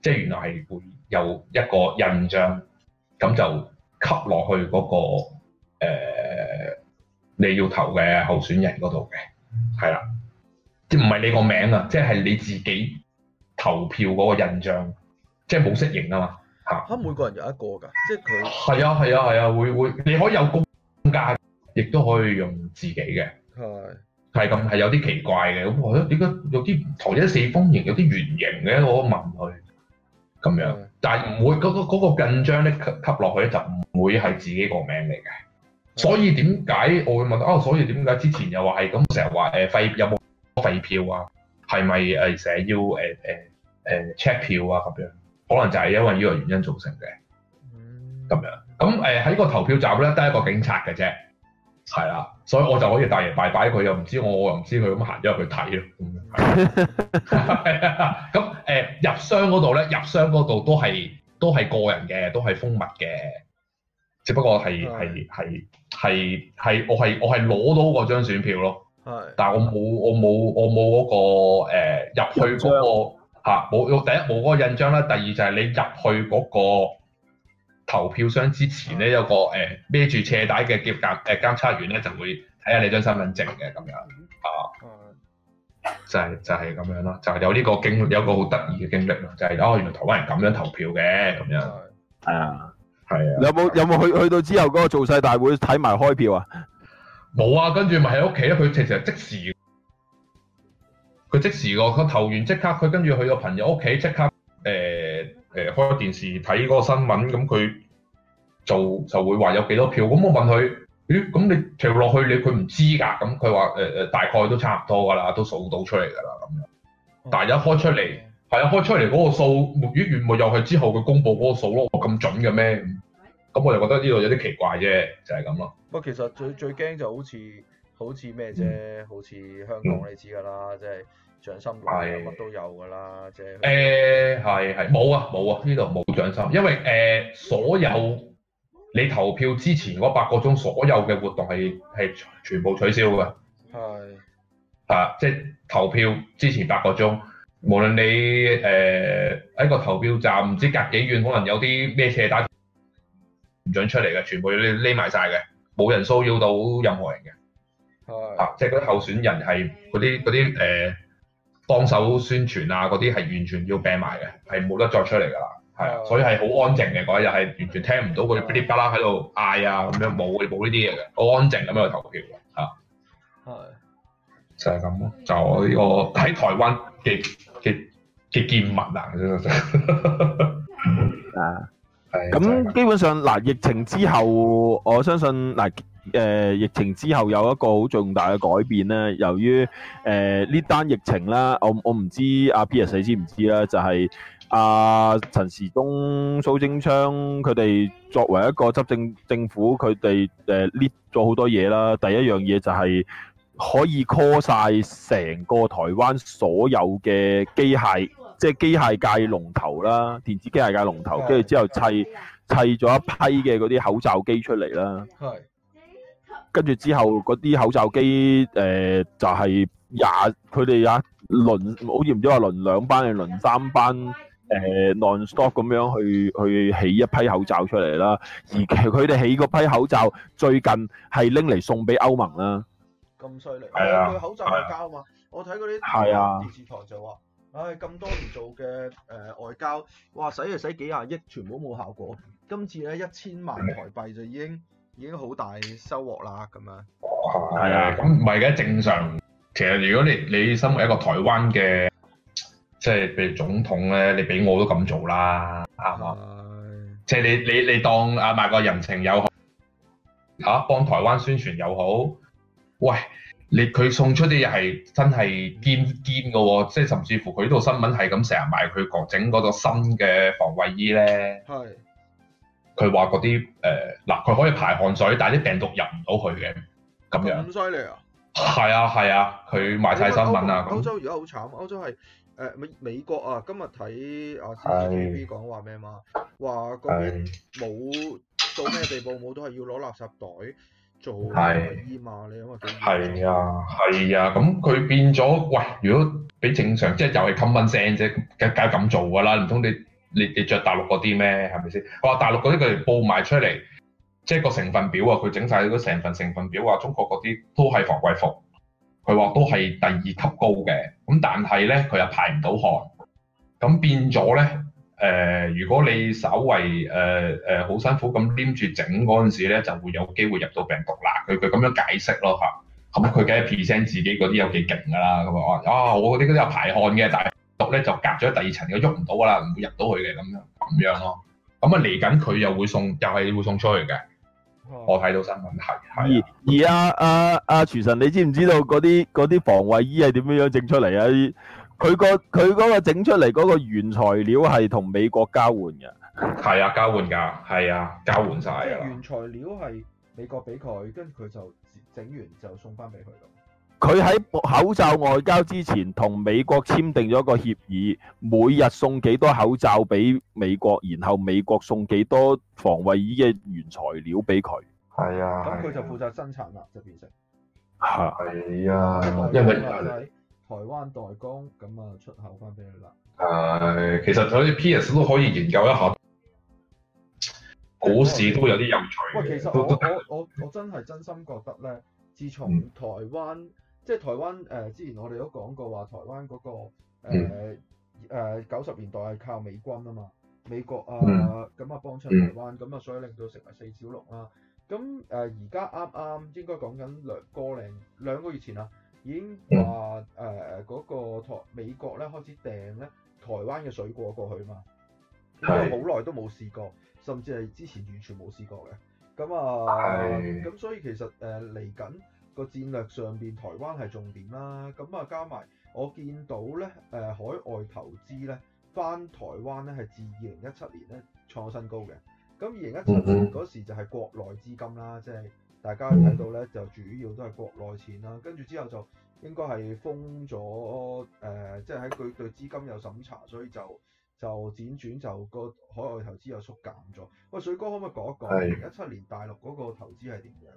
即係原來係會有一個印章，咁就吸落去嗰個誒你要投嘅候選人嗰度嘅，係啦，即係唔係你個名啊，即係你自己投票嗰個印章，即係冇適應啊嘛，嚇，每個人有一個㗎，即係佢係啊係啊係啊，會會，你可以有個。價亦都可以用自己嘅。係係咁係有啲奇怪嘅。咁我覺得點解有啲唔同？有啲四方形，有啲圓形嘅。我問佢咁樣，但係唔會嗰個嗰個印章咧，吸吸落去就唔會係自己個名嚟嘅。所以點解我會問啊？所以點解之前又話係咁成日話誒費有冇廢票啊？係咪誒成日要誒誒誒 check 票啊？咁樣可能就係因為呢個原因造成嘅，咁樣。咁誒喺個投票站咧得一個警察嘅啫，係啦，所以我就可以大搖大擺，佢又唔知我，我又唔知佢咁行咗入去睇咯。咁誒入箱嗰度咧，入箱嗰度都係都係個人嘅，都係封密嘅，只不過係係係係我係我係攞到嗰張選票咯，的但我冇我冇我冇嗰、嗰個、欸入去嗰個、入去嗰個冇，第一冇嗰個印章啦，第二就係你入去嗰、嗰個。投票箱之前咧有個誒孭住斜帶嘅監誒、呃、監察員咧就會睇下你張身份證嘅咁樣啊，就係就係咁樣咯，就係、是就是、有呢、這個經有一個好得意嘅經歷咯，就係、是、哦、啊、原來台灣人咁樣投票嘅咁樣，係啊係啊，你有冇有冇、啊、去去到之後嗰個造勢大會睇埋開票啊？冇啊，跟住咪喺屋企咯。佢其實即時，佢即時個佢投完即刻，佢跟住去個朋友屋企即刻誒。呃誒開電視睇嗰個新聞，咁佢就就會話有幾多票，咁我問佢，咦？咁你調落去你佢唔知㗎，咁佢話誒誒大概都差唔多㗎啦，都數到出嚟㗎啦咁樣。但係一開出嚟，係啊、嗯，開出嚟嗰個數，沒完沒盡入去之後，佢公佈嗰個數咯，咁準嘅咩？咁我就覺得呢度有啲奇怪啫，就係咁咯。不過其實最最驚就好似好似咩啫，好似、嗯、香港你知㗎啦，即係、嗯。就是獎心係，我是都有噶啦，即係誒，係係冇啊冇啊，呢度冇獎心，因為誒、呃、所有你投票之前嗰八個鐘，所有嘅活動係係全部取消噶，係是啊，即係投票之前八個鐘，無論你誒喺、呃、個投票站唔知隔幾遠，可能有啲咩車打唔准出嚟嘅，全部匿埋晒嘅，冇人騷擾到任何人嘅，係是、啊、即係嗰啲候選人係嗰啲啲誒。幫手宣傳啊，嗰啲係完全要病埋嘅，係冇得再出嚟噶啦，係啊，所以係好安靜嘅，嗰、那個、日係完全聽唔到佢噼哩啪啦喺度嗌啊，咁樣冇會冇呢啲嘢嘅，好安靜咁樣去投票嘅嚇，係就係咁咯，就我呢個喺台灣嘅嘅嘅見聞啊， [LAUGHS] [LAUGHS] 咁基本上嗱，疫情之後，我相信嗱，誒、呃、疫情之後有一個好重大嘅改變咧。由於誒呢單疫情啦，我我唔知阿、啊、Peter 你知唔知啦，就係阿陳時中蘇貞昌佢哋作為一個執政政府，佢哋誒 lift 咗好多嘢啦。第一樣嘢就係可以 call 晒成個台灣所有嘅機械。即係機械界龍頭啦，電子機械界龍頭，跟住之後砌砌咗一批嘅嗰啲口罩機出嚟啦。係的。跟住之後嗰啲口罩機誒、呃，就係、是、廿，佢哋廿輪，好似唔知話輪兩班定輪三班誒、呃、non stop 咁樣去去起一批口罩出嚟啦。而佢哋起嗰批口罩，最近係拎嚟送俾歐盟啦。咁犀利！佢口罩係膠嘛？我睇嗰啲電視台就話。唉，咁多年做嘅誒外交，哇，使就使幾廿億，全部都冇效果。今次咧一千萬台幣就已經已經好大收穫啦，咁樣。係啊，咁唔係嘅，正常。其實如果你你身為一個台灣嘅，即係譬如總統咧，你俾我都咁做啦，啱嘛？即係你你你當啊賣個人情又好，嚇幫台灣宣傳又好，喂。你佢送出啲嘢係真係堅堅嘅喎，即係甚至乎佢呢套新聞係咁成日賣佢講整嗰個新嘅防衞衣咧。係是。佢話嗰啲誒嗱，佢、呃、可以排汗水，但係啲病毒入唔到去嘅。咁樣。咁犀利啊！係啊，係啊，佢賣晒新聞啊、哎。歐洲而家好慘，歐洲係誒美美國啊，今日睇啊 c t v 講話咩嘛？話嗰是邊冇是到咩地步，冇都係要攞垃圾袋。係，啊？係啊，係啊，咁佢變咗，喂，如果比正常即係又係 common sense 啫，梗梗係咁做㗎啦，唔通你你你著大陸嗰啲咩？係咪先？我話大陸嗰啲佢哋報埋出嚟，即係個成分表啊，佢整曬嗰成份成分表啊。中國嗰啲都係防曬服，佢話都係第二級高嘅，咁但係咧佢又排唔到汗，咁變咗咧。誒、呃，如果你稍為誒誒好辛苦咁黏住整嗰陣時咧，就會有機會入到病毒啦。佢佢咁樣解釋咯嚇，咁佢梗係 present 自己嗰啲有幾勁噶啦咁、嗯、啊，啊我嗰啲都有排汗嘅，但係毒咧就隔咗第二層，又喐唔到噶啦，唔會入到去嘅咁樣咁樣咯。咁啊嚟緊佢又會送，又係會送出去嘅。我睇到新聞係係。哦、係而係而阿阿阿廚神，你知唔知道嗰啲啲防衞衣係點樣樣整出嚟啊？佢、個佢嗰個整出嚟嗰個原材料係同美國交換嘅，係啊交換噶係啊交換晒啊！原材料係美國俾佢，跟住佢就整完就送翻俾佢咯。佢喺口罩外交之前同美國簽訂咗個協議，每日送幾多口罩俾美國，然後美國送幾多防衛衣嘅原材料俾佢。係啊，咁佢就負責生產啦，就變成係啊，啊，啊，因為台灣代工咁啊，就出口翻俾佢啦。誒，uh, 其實所以 Pears 都可以研究一下股市，都有啲有趣嘅。喂，其實我都我都我我真係真心覺得咧，自從台灣、嗯、即係台灣誒、呃，之前我哋都講過話，台灣嗰、嗰個誒九十年代係靠美軍啊嘛，美國啊咁啊、嗯、幫出台灣，咁啊、嗯、所以令到成為四小龍啊。咁誒而家啱啱應該講緊兩個零兩個月前啊。已經話誒誒嗰個台美國咧開始訂咧台灣嘅水果過去嘛，對因為好耐都冇試過，甚至係之前完全冇試過嘅。咁、嗯、啊，咁對、呃、所以其實誒嚟緊個戰略上邊台灣係重點啦。咁啊加埋我見到咧誒、呃、海外投資咧翻台灣咧係自二零一七年咧創新高嘅。咁二零一七年嗰時就係國內資金啦，嗯嗯即係。大家睇到咧，就主要都係國內錢啦。跟住之後就應該係封咗，誒、呃，即係喺佢對資金有審查，所以就就輾轉就個海外投資又縮減咗。喂、呃，水哥可唔可以講一講二零一七年大陸嗰個投資係點樣？誒、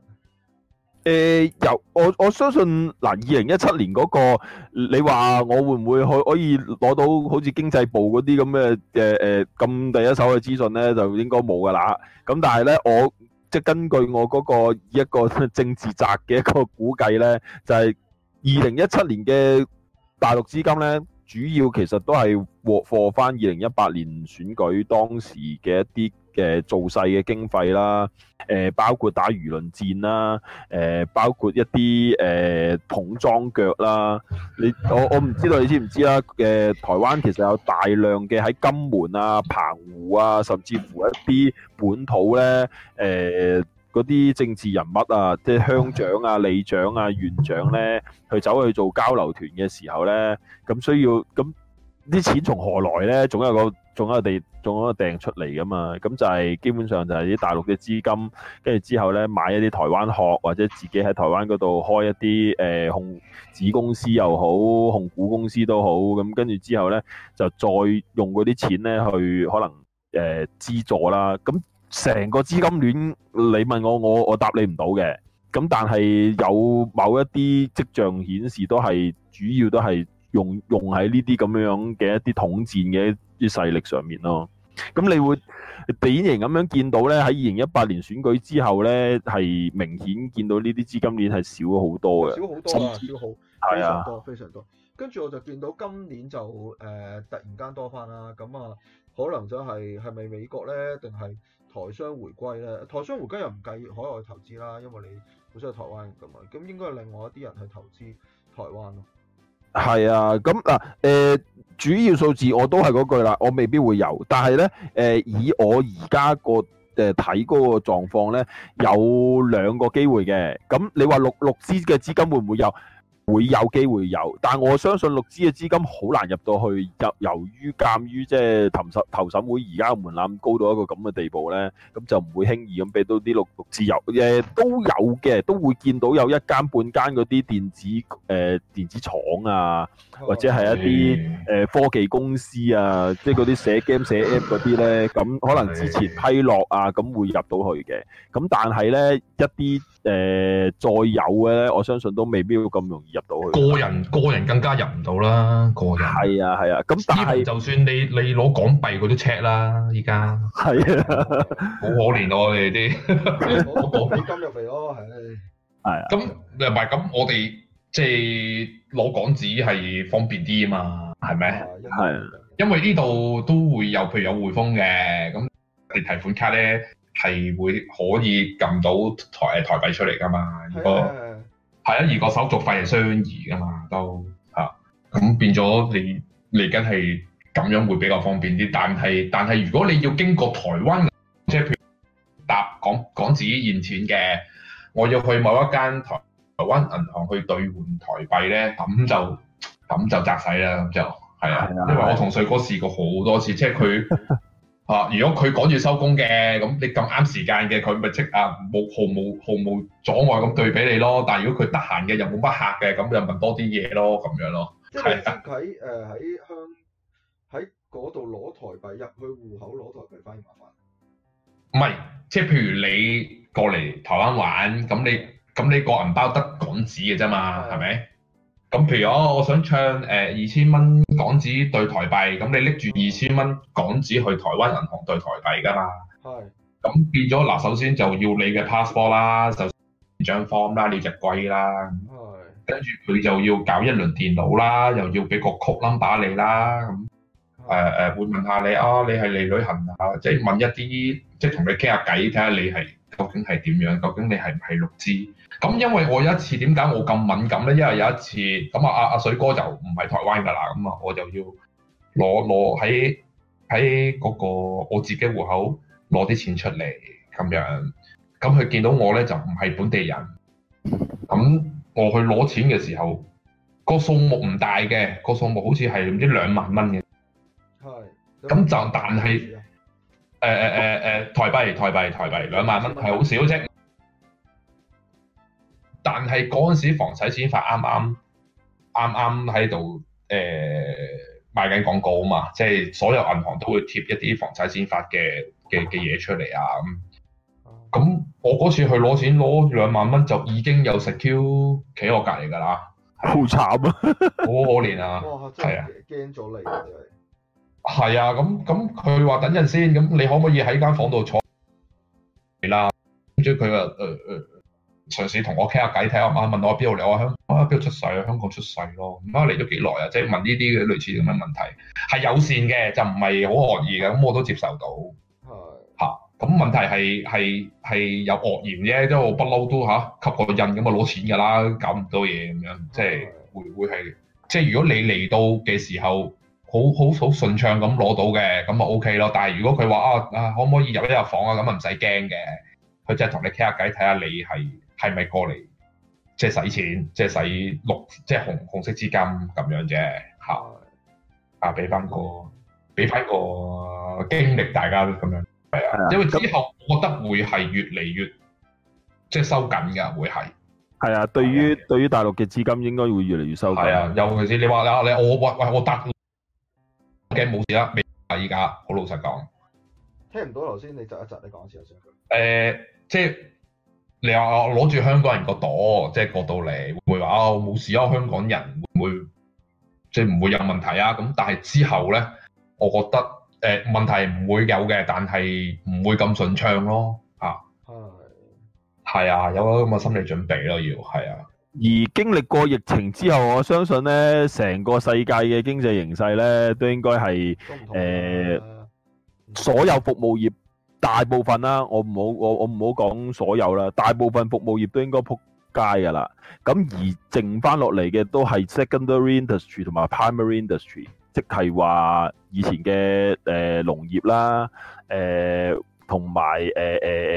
呃，由我我相信嗱，二零一七年嗰、那個你話我會唔會可可以攞到好似經濟部嗰啲咁嘅誒誒咁第一手嘅資訊咧，就應該冇㗎喇。咁但係咧，我即根據我嗰個一個政治集嘅一個估計呢，就係二零一七年嘅大陸資金呢。主要其實都係獲貨翻二零一八年選舉當時嘅一啲嘅造勢嘅經費啦，誒、呃、包括打輿論戰啦，誒、呃、包括一啲誒桶裝腳啦，你我我唔知道你知唔知啦？誒、呃、台灣其實有大量嘅喺金門啊、澎湖啊，甚至乎一啲本土咧誒。呃嗰啲政治人物啊，即係鄉長啊、里長啊、縣長咧，去走去做交流團嘅時候咧，咁需要咁啲錢從何來咧？總有個總有地總有個訂出嚟噶嘛。咁就係、是、基本上就係啲大陸嘅資金，跟住之後咧買一啲台灣殼，或者自己喺台灣嗰度開一啲誒、呃、控子公司又好，控股公司都好。咁跟住之後咧就再用嗰啲錢咧去可能誒資、呃、助啦。咁成個資金鏈，你問我，我我答你唔到嘅。咁但係有某一啲跡象顯示都，都係主要都係用用喺呢啲咁樣嘅一啲統戰嘅啲勢力上面咯。咁你會典型咁樣見到咧，喺二零一八年選舉之後咧，係明顯見到呢啲資金鏈係少咗好多嘅，少好多啊，至少好，係啊，非常多，非常多。跟住我就見到今年就誒、呃、突然間多返啦。咁啊，可能就係係咪美國咧，定係？台商回歸咧，台商回歸又唔計海外投資啦，因為你本身係台灣嘅嘛，咁應該係另外一啲人去投資台灣咯。係啊，咁嗱，誒、呃、主要數字我都係嗰句啦，我未必會有，但係咧，誒、呃、以我而家個誒睇嗰個狀況咧，有兩個機會嘅。咁你話六六支嘅資金會唔會有？會有機會有，但我相信陸資嘅資金好難入到去入，由於鑒於即係投審投審會而家門檻高到一個咁嘅地步咧，咁就唔會輕易咁俾到啲陸陸資有誒都有嘅，都會見到有一間半間嗰啲電子誒、呃、電子廠啊，或者係一啲誒、呃、科技公司啊，即係嗰啲寫 game 寫 app 嗰啲咧，咁可能之前批落啊，咁會入到去嘅，咁但係咧一啲。呃、再有嘅我相信都未必會咁容易入到去。個人個人更加入唔到啦，個人。係啊係啊，咁、啊、但係就算你你攞港幣嗰啲 check 啦，依家係啊，好可憐咯你哋啲攞港紙金入嚟咯，係啊。咁唔係咁，我哋即係攞港紙係方便啲啊嘛，係咪？係、啊，因為呢度、啊、都會有，譬如有匯豐嘅咁你提款卡咧。係會可以撳到台台幣出嚟㗎嘛？如果係啊，啊，如果手續費係相宜㗎嘛都嚇，咁、啊、變咗你嚟緊係咁樣會比較方便啲。但係但係如果你要經過台灣，即係譬如搭港港紙現錢嘅，我要去某一間台台灣銀行去兌換台幣咧，咁就咁就砸死啦，咁就係啊，因為、啊啊、我同水哥試過好多次，即係佢。 [LAUGHS] 啊！如果佢趕住收工嘅，咁你咁啱時間嘅，佢咪即啊冇毫無毫無，毫無阻礙咁對俾你咯。但係如果佢得閒嘅又冇乜客嘅，咁就問多啲嘢咯，咁樣咯。即係先喺誒喺香喺嗰度攞台幣入去戶口攞台幣反而麻煩。唔係，即係譬如你過嚟台灣玩，咁你咁你個銀包得港紙嘅啫嘛，係咪？係咁譬如我我想唱誒二千蚊港紙對台幣，咁你拎住二千蚊港紙去台灣銀行對台幣㗎嘛？係是。咁變咗嗱，首先就要你嘅 passport 啦，就填張 form 啦，你要貴啦。跟住佢就要搞一輪電腦啦，又要畀個 code number 你啦，咁誒誒會問下你啊、哦，你係嚟旅行啊，即係問一啲即同你傾下偈，睇下你係究竟係點樣，究竟你係唔係陸資。咁因為我有一次點解我咁敏感咧？因為有一次咁啊，阿、啊、阿水哥就唔係台灣噶啦，咁啊我就要攞攞喺喺嗰個我自己戶口攞啲錢出嚟咁樣。咁佢見到我咧就唔係本地人。咁我去攞錢嘅時候，個數目唔大嘅，個數目好似係唔知兩萬蚊嘅。係。咁就但係誒誒誒台幣，台、呃、幣、呃呃，台幣，台幣，台幣兩萬蚊係好少啫。但係嗰陣時防洗錢法啱啱啱啱喺度誒賣緊廣告啊嘛，即係所有銀行都會貼一啲防洗錢法嘅嘅嘅嘢出嚟啊咁。咁我嗰次去攞錢，攞兩萬蚊就已經有 secure 企我隔離㗎啦，好慘啊，好 [LAUGHS] 可憐啊，係、哦、啊，驚咗你真係。係啊，咁咁佢話等陣先，咁你可唔可以喺間房度坐係啦？跟住佢話誒誒。呃呃隨時同我傾下偈睇下啊，問我邊度嚟，我香啊邊度出世啊，香港出世咯。咁啊嚟咗幾耐啊，即係問呢啲類似咁嘅問題，係友善嘅，就唔係好惡意嘅，咁我都接受到。咁的、啊、問題係係係有惡言啫，即、就、係、是、我不嬲都嚇、啊，吸個印咁啊攞錢㗎啦，搞唔到嘢咁樣，即係的會會係即係如果你嚟到嘅時候好好好順暢咁攞到嘅，咁啊 OK 咯。但係如果佢話啊啊可唔可以入一入房啊，咁啊唔使驚嘅，佢就係同你傾下偈睇下你係。係咪過嚟即係使錢，即係使綠，即係紅紅色資金咁樣啫？吓，啊，俾翻個俾翻個經歷，大家咁樣係啊。因為之後我覺得會係越嚟越即係收緊㗎，會係係啊。對於對於大陸嘅資金，應該會越嚟越收緊。係啊，尤其是你話你你我喂喂我得嘅冇事啦，未啊依家好老實講，聽唔到頭先你窒一窒，你講笑先，誒即係。你話攞住香港人個袋，即係過到嚟，會唔會話啊？我冇事啊，香港人會唔會即係唔會有問題啊？咁但係之後咧，我覺得誒問題唔會有嘅，但係唔會咁順暢咯，嚇係係啊，的有咁嘅心理準備咯，要係啊。而經歷過疫情之後，我相信咧，成個世界嘅經濟形勢咧，都應該係誒所有服務業。大部分啦，我唔好我我唔好講所有啦，大部分服務業都應該撲街噶啦。咁而剩翻落嚟嘅都係 secondary industry 同埋 primary industry，即係話以前嘅誒、呃、農業啦，誒同埋誒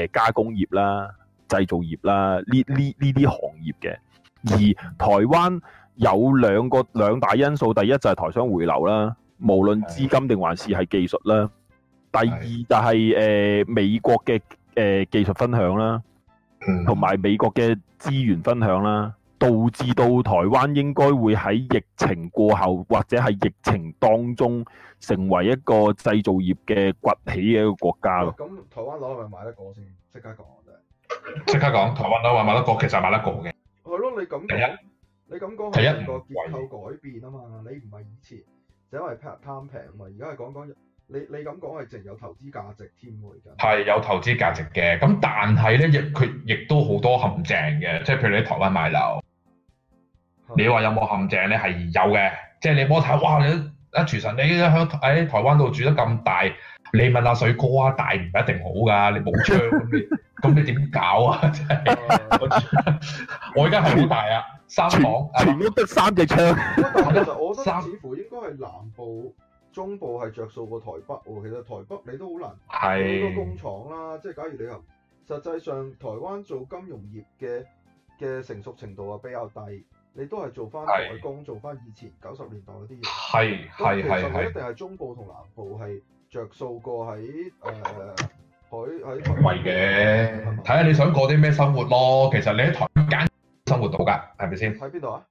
誒加工業啦、製造業啦呢呢呢啲行業嘅。而台灣有兩個兩大因素，第一就係台商回流啦，無論資金定還是係技術啦。第二就係誒美國嘅誒技術分享啦，同埋美國嘅資源分享啦，導致到台灣應該會喺疫情過後或者係疫情當中成為一個製造業嘅崛起嘅一個國家咯。咁台灣樓係咪買得過先？即刻講，即刻講，台灣樓話買得過，其實係買得過嘅。係咯，你咁第一，你咁講係一個結構改變啊嘛？你唔係以前就因為貪平嘛，而家係講講。你你咁講係淨有投資價值添喎，而家係有投資價值嘅，咁但係咧亦佢亦都好多陷阱嘅，即係譬如你喺台灣買樓，的你話有冇陷阱咧？係有嘅，即係你摸睇，哇！你阿廚神，你喺台灣度住得咁大，你問阿水哥啊，大唔一定好噶，你冇窗咁，咁 [LAUGHS] 你點搞啊？ [LAUGHS] [LAUGHS] [LAUGHS] 我而家係好大啊，三房，全屋得三隻窗。 [LAUGHS] 我覺得似乎應該係南部。中部係着數過台北喎，其實台北你都好難，好多工廠啦。是即係假如你係，實際上台灣做金融業嘅嘅成熟程度啊比較低，你都係做翻台工，是做翻以前九十年代嗰啲嘢。係係係其實一定係中部同南部係着數過喺誒台喺。台係嘅，睇下的吧你想過啲咩生活咯。其實你喺台灣耕生活到㗎，係咪先？喺邊度啊？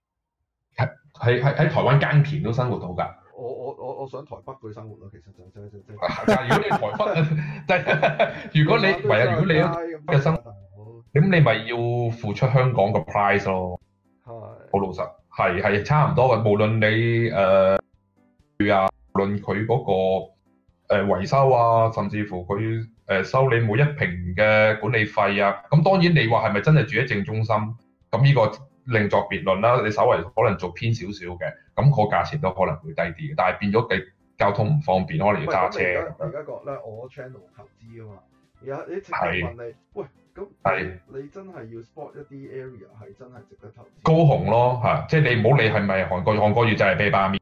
係係係喺台灣耕田都生活到㗎。我我我我想台北佢生活咯，其實就係、就係、就就係。但係如果你台北， [LAUGHS] [LAUGHS] 如果你唯有不如果你嘅生活，咁，這樣 你咪要付出香港嘅 price 咯？係、啊。好是老實，係係差唔多嘅。無論你誒住啊，無論佢嗰、那個誒、呃、維修啊，甚至乎佢誒、呃、收你每一平嘅管理費啊。咁當然你話係咪真係住喺正中心？咁呢、這個？另作別論啦，你稍為可能做偏少少嘅，咁個價錢都可能會低啲嘅，但係變咗地交通唔方便，可能要揸車。而家覺得我 channel 投資啊嘛，而家啲情人問你，是喂，咁你真係要 spot 一啲 area 係真係值得投資？高雄咯，係，即係你唔好理係咪韓國，韓國月就係 Bigbang 面。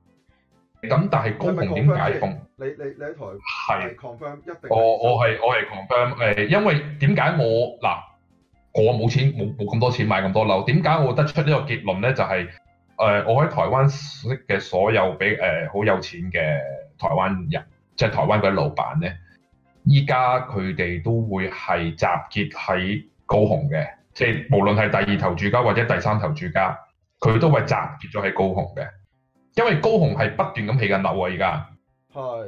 咁但係高雄點解封？你你你喺台灣？係 confirm 一定。哦，我係我係 confirm，誒，因為點解我嗱？我冇錢，冇冇咁多錢買咁多樓。點解我得出呢個結論咧？就係、是、誒、呃，我喺台灣識嘅所有比誒好、呃、有錢嘅台灣人，即、就、係、是、台灣嗰啲老闆咧，依家佢哋都會係集結喺高雄嘅。即、就、係、是、無論係第二頭住家或者第三頭住家，佢都係集結咗喺高雄嘅，因為高雄係不斷咁起緊樓啊。而家係。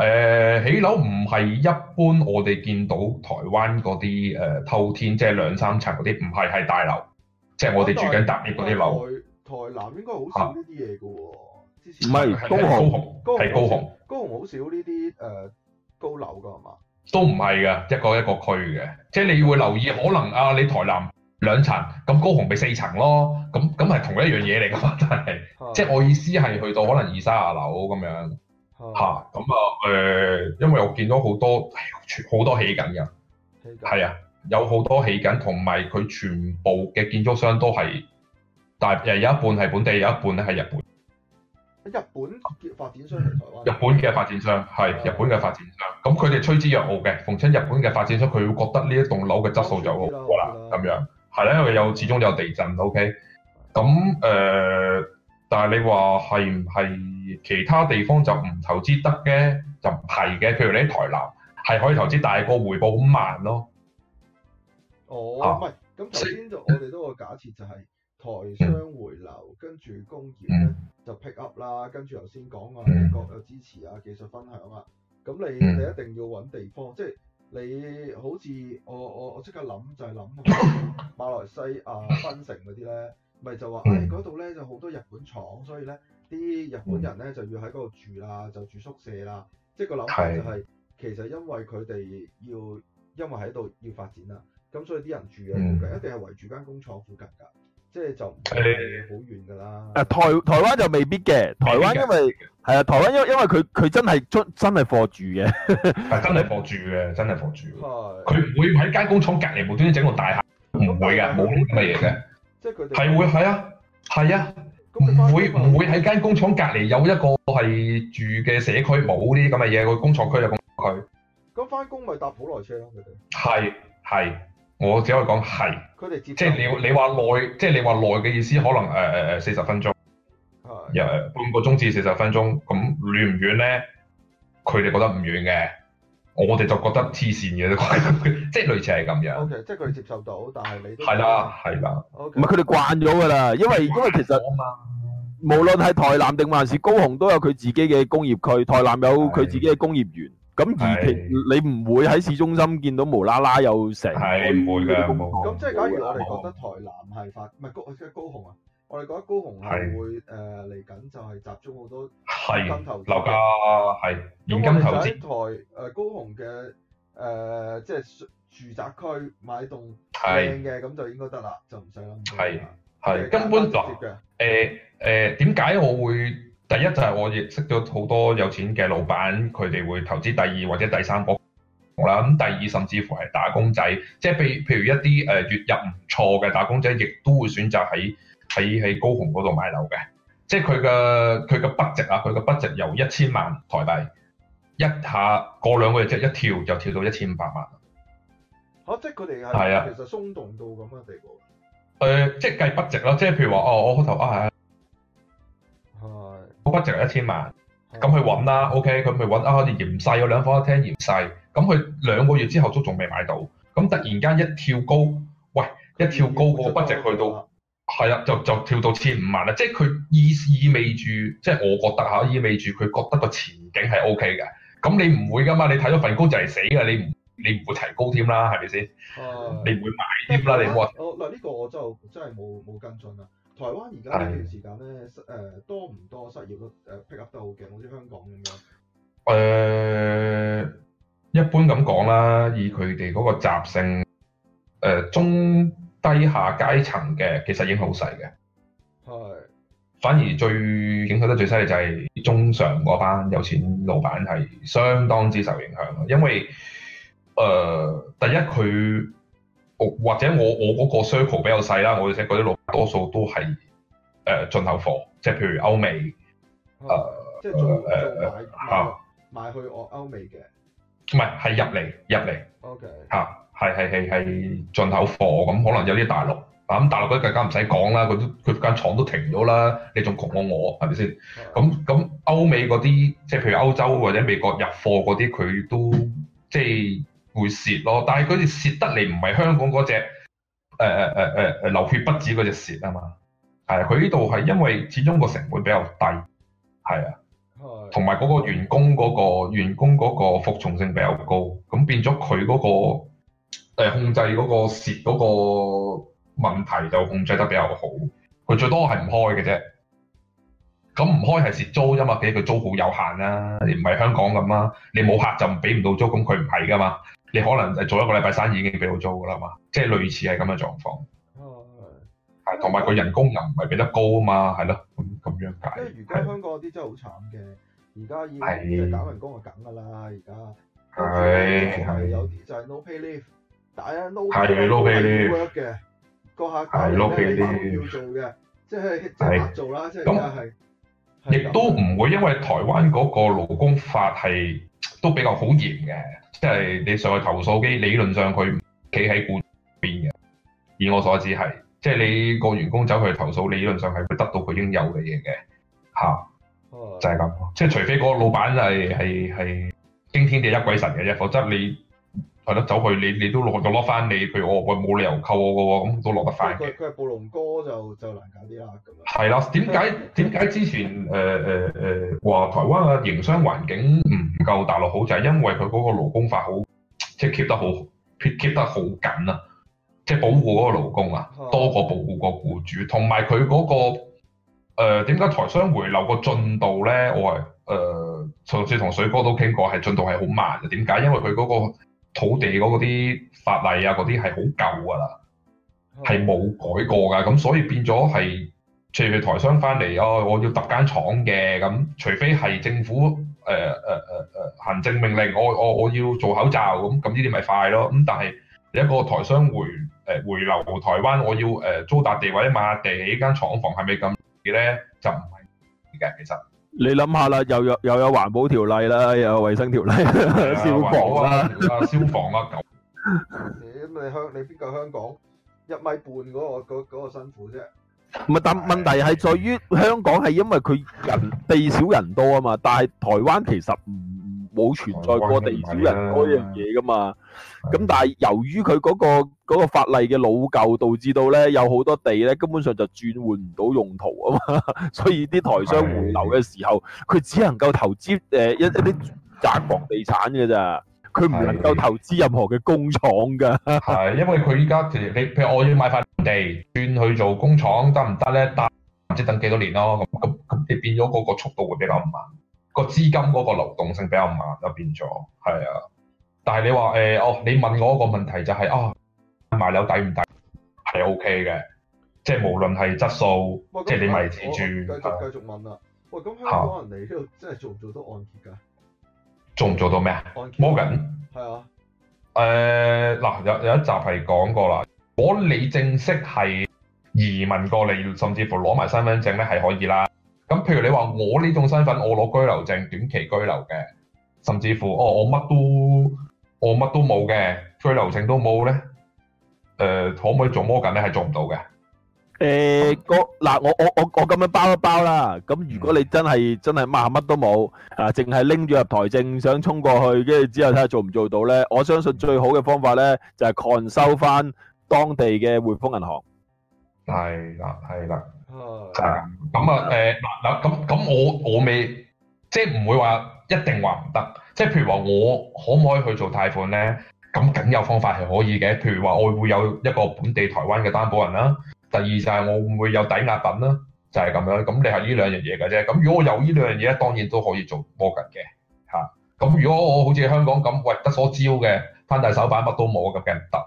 誒、呃、起樓唔係一般，我哋見到台灣嗰啲誒透天，即係兩三層嗰啲，唔係係大樓，即係我哋住緊搭鐵嗰啲樓。台南應該好少呢啲嘢嘅喎，之前，唔係高雄，係高雄，高雄，高雄好高雄好少呢啲誒高樓嘅係嘛？是都唔係嘅，一個一個區嘅，即係你會留意，可能啊你台南兩層，咁高雄咪四層咯，咁咁係同一樣嘢嚟嘅嘛，但係的即係我意思係去到可能二三十樓咁樣。吓，咁啊誒、呃，因為我見到好多好多起緊嘅，係 Okay, that. 啊，有好多起緊，同埋佢全部嘅建築商都係，但係有一半係本地，有一半咧係日本。日本發展商，日本嘅發展商，係日本嘅發展商，咁佢哋吹之若號嘅，逢親日本嘅發展商，佢會覺得呢一棟樓嘅質素就好多啦咁樣，係啦 right.、啊，因為有始終有地震，OK？咁誒、呃，但係你話係唔係？其他地方就唔投資得嘅，就唔係嘅。譬如你喺台南，係可以投資大，大係個回報好慢咯。哦，唔係、啊，咁頭先就我哋都個假設就係台商回流，嗯、跟住工業咧就 pick up 啦。跟住頭先講啊，美國有支持啊，嗯、技術分享啊，咁你、嗯、你一定要揾地方，即係你好似我我我即刻諗就係、是、諗 [LAUGHS] 馬來西亞檳城嗰啲咧，咪就話誒嗰度咧就好多日本廠，所以咧。啲日本人咧、嗯、就要喺嗰度住啦，就住宿舍啦，即、就、係、是、個諗法就係、是，是其實因為佢哋要因為喺度要發展啦，咁所以啲人住啊，嗯、一定係圍住間工廠附近㗎，即係就唔係好、是、遠㗎啦。誒、欸啊，台台灣就未必嘅，台灣因為係啊，台灣因為因為佢佢真係出真係貨住嘅，係真係貨住嘅，真係貨住。佢 [LAUGHS] 唔是會喺間工廠隔離無端端整個大廈，唔會㗎，冇啲咁嘅嘢嘅。即係佢哋係會係啊，係啊。唔會唔會喺間工廠隔籬有一個係住嘅社區，冇啲咁嘅嘢，工廠區有個工廠區就工廠區。咁翻工咪搭好耐車咯，佢哋係係，我只可以講係。佢哋即係你你話耐，即係你話耐嘅意思，可能誒誒四十分鐘，又係半個鐘至四十分鐘。咁遠唔遠咧？佢哋覺得唔遠嘅，我哋就覺得黐線嘅，即係類似係咁樣。OK，即係佢哋接受到，但係你都係啦，係啦。OK，唔係佢哋慣咗噶啦，因為因為其實。無論係台南定還是高雄，都有佢自己嘅工業區。台南有佢自己嘅工業園。咁而其你唔會喺市中心見到無啦啦有成，係唔會嘅。咁即係假如我哋覺得台南係發，唔係高即係高雄啊？我哋覺得高雄係會誒嚟緊就係集中好多資金投資嘅。咁我唔使台誒高雄嘅誒即係住住宅區買棟靚嘅，咁就應該得啦，就唔使諗咁多啦。係根本嗱，誒誒點解我會第一就係我認識咗好多有錢嘅老闆，佢哋會投資第二或者第三個啦。咁第二甚至乎係打工仔，即係譬譬如一啲誒月入唔錯嘅打工仔，亦都會選擇喺喺喺高雄嗰度買樓嘅。即係佢嘅佢嘅 budget 啊，佢嘅 budget 由一千萬台幣一下過兩個月即係一跳就跳到一千五百萬。嚇！即係佢哋係其實鬆動到咁嘅地步。誒、呃，即係計筆值咯，即係譬如話，哦，我開頭啊好我筆值一千萬咁去揾啦、嗯、，OK，佢咪去揾啊，我哋嫌細，有兩房一廳嫌細，咁佢兩個月之後都仲未買到，咁突然間一跳高，喂，一跳高個筆值去到係啊，就就跳到千五萬啦，即係佢意意味住，即、就、係、是、我覺得嚇，意味住佢覺得個前景係 OK 嘅，咁你唔會噶嘛，你睇咗份工就嚟死㗎，你唔～你唔會提高添啦，係咪先？的你唔會買添啦，灣你冇話。哦，嗱呢個我就真係冇冇跟進啦。台灣而家呢段時間咧，誒的多唔多失業率誒 pick up 得好勁，好似香港咁樣。誒、呃，一般咁講啦，以佢哋嗰個習性，誒、呃、中低下階層嘅其實影響好細嘅。係的。反而最影響得最犀利就係中上嗰班有錢老闆，係相當之受影響咯，因為誒、呃，第一佢，我或者我我嗰個 circle 比較細啦，我哋識嗰啲老，多數都係誒、呃、進口貨，即係譬如歐美，誒、啊，呃、即係做誒，嚇，呃、買去我歐美嘅，唔係，係入嚟入嚟，OK，嚇，係係係係進口貨，咁可能有啲大陸，啊，咁大陸啲更加唔使講啦，佢都佢間廠都停咗啦，你仲窮我我係咪先？咁咁 Right. 歐美嗰啲，即係譬如歐洲或者美國入貨嗰啲，佢都即係。會蝕咯，但係佢哋蝕得嚟唔係香港嗰隻誒誒誒誒流血不止嗰隻蝕啊嘛，係佢呢度係因為始終個成本比較低，係啊，同埋嗰個員工嗰、嗰個員工嗰個服從性比較高，咁變咗佢嗰個、呃、控制嗰個蝕嗰個問題就控制得比較好，佢最多係唔開嘅啫，咁唔開係蝕租啊嘛，而且佢租好有限啦、啊，唔係香港咁啦，你冇客就唔俾唔到租，咁佢唔係噶嘛。你可能做一個禮拜生意已經俾到租噶啦嘛，即係類似係咁嘅狀況。係，同埋個人工又唔係俾得高啊嘛，係咯，咁樣解。因為而家香港嗰啲真係好慘嘅，而家要打份工就梗噶啦，而家。係係有啲就係 no pay leave，打一 no pay leave 嘅個客，咁樣要做嘅，即係執做啦，即係而係。亦都唔會因為台灣嗰個勞工法係都比較好嚴嘅。即係你上去投訴機，理論上佢唔企喺管邊嘅。以我所知係，即係你個員工走去投訴，理論上係會得到佢應有嘅嘢嘅。嚇、啊，就係、是、咁。即係除非個老闆係係係驚天地泣鬼神嘅啫，否則你。係咯，走去你你都攞就攞翻你。譬如我我冇理由扣我嘅喎，咁都落得翻嘅。佢佢係暴龍哥就就難搞啲啦咁樣。係啦，點解點解之前誒誒誒話台灣嘅營商環境唔夠大陸好？就係因為佢嗰個勞工法好即係 keep 得好，keep 得好緊啊，即係保護嗰個勞工啊，uh. 多過保護個僱主。同埋佢嗰個誒點解台商回流個進度咧？我係誒上次同水哥都傾過，係進度係好慢嘅。點解？因為佢嗰個。土地嗰啲法例啊，嗰啲係好舊㗎啦，係冇改過㗎，咁所以變咗係，隨住台商翻嚟啊，我要揼間廠嘅，咁除非係政府誒誒誒誒行政命令，我我我要做口罩，咁咁呢啲咪快咯，咁但係你一個台商回誒、呃、回流台灣，我要誒租笪地或者買地，依間廠房係咪咁嘅咧？就唔係，而家其實。你諗下啦，又有又有環保條例啦，又有衛生條例，消防啦，消防啦咁。你香你邊個香港一米半嗰個嗰嗰個辛苦啫？唔係，但問題係在於香港係因為佢人地少人多啊嘛，但係台灣其實唔。冇存在過地少人多樣嘢噶嘛，咁、啊、但係由於佢嗰、嗰個嗰個法例嘅老舊，導致到咧有好多地咧根本上就轉換唔到用途啊嘛，所以啲台商回流嘅時候，佢的只能夠投資誒一一啲宅房地產嘅咋，佢唔能夠投資任何嘅工廠噶。係因為佢依家譬如譬如我要買塊地轉去做工廠得唔得咧？得唔得呢，得等唔知等幾多年咯，咁咁咁，你變咗嗰個速度會比較慢。個資金嗰個流動性比較慢，就變咗係啊。但係你話誒、欸，哦，你問我一個問題就係、是、啊，買、哦、樓抵唔抵係 O K 嘅，即係無論係質素，嗯嗯、即係你咪自住。繼續繼續問啦。喂，咁香港人嚟呢度真係做唔做到按揭㗎？做唔做到咩啊 Morgan 係啊。誒嗱，有有一集係講過啦。如果你正式係移民過嚟，甚至乎攞埋身份證咧，係可以啦。咁譬如你話我呢種身份，我攞居留證短期居留嘅，甚至乎哦我乜都我乜都冇嘅，居留證都冇咧，誒可唔可以做摩根咧？係做唔到嘅。誒嗱，我我我我咁樣包一包啦。咁如果你真係真係乜乜都冇啊，淨係拎住入台證想衝過去，跟住之後睇下做唔做到咧？我相信最好嘅方法咧就係攤收翻當地嘅匯豐銀行。係啦，係啦。咁啊，誒嗱嗱咁咁，我我未即係唔會話一定話唔得，即係譬如話我可唔可以去做貸款咧？咁梗有方法係可以嘅，譬如話我會有一個本地台灣嘅擔保人啦、啊。第二就係我會有抵押品啦、啊，就係、是、咁樣。咁你係呢兩樣嘢嘅啫。咁如果我有呢兩樣嘢咧，當然都可以做 mortgage 嘅嚇。咁、啊、如果我好似香港咁，喂得所招嘅，翻大手板乜都冇咁梗唔得啦。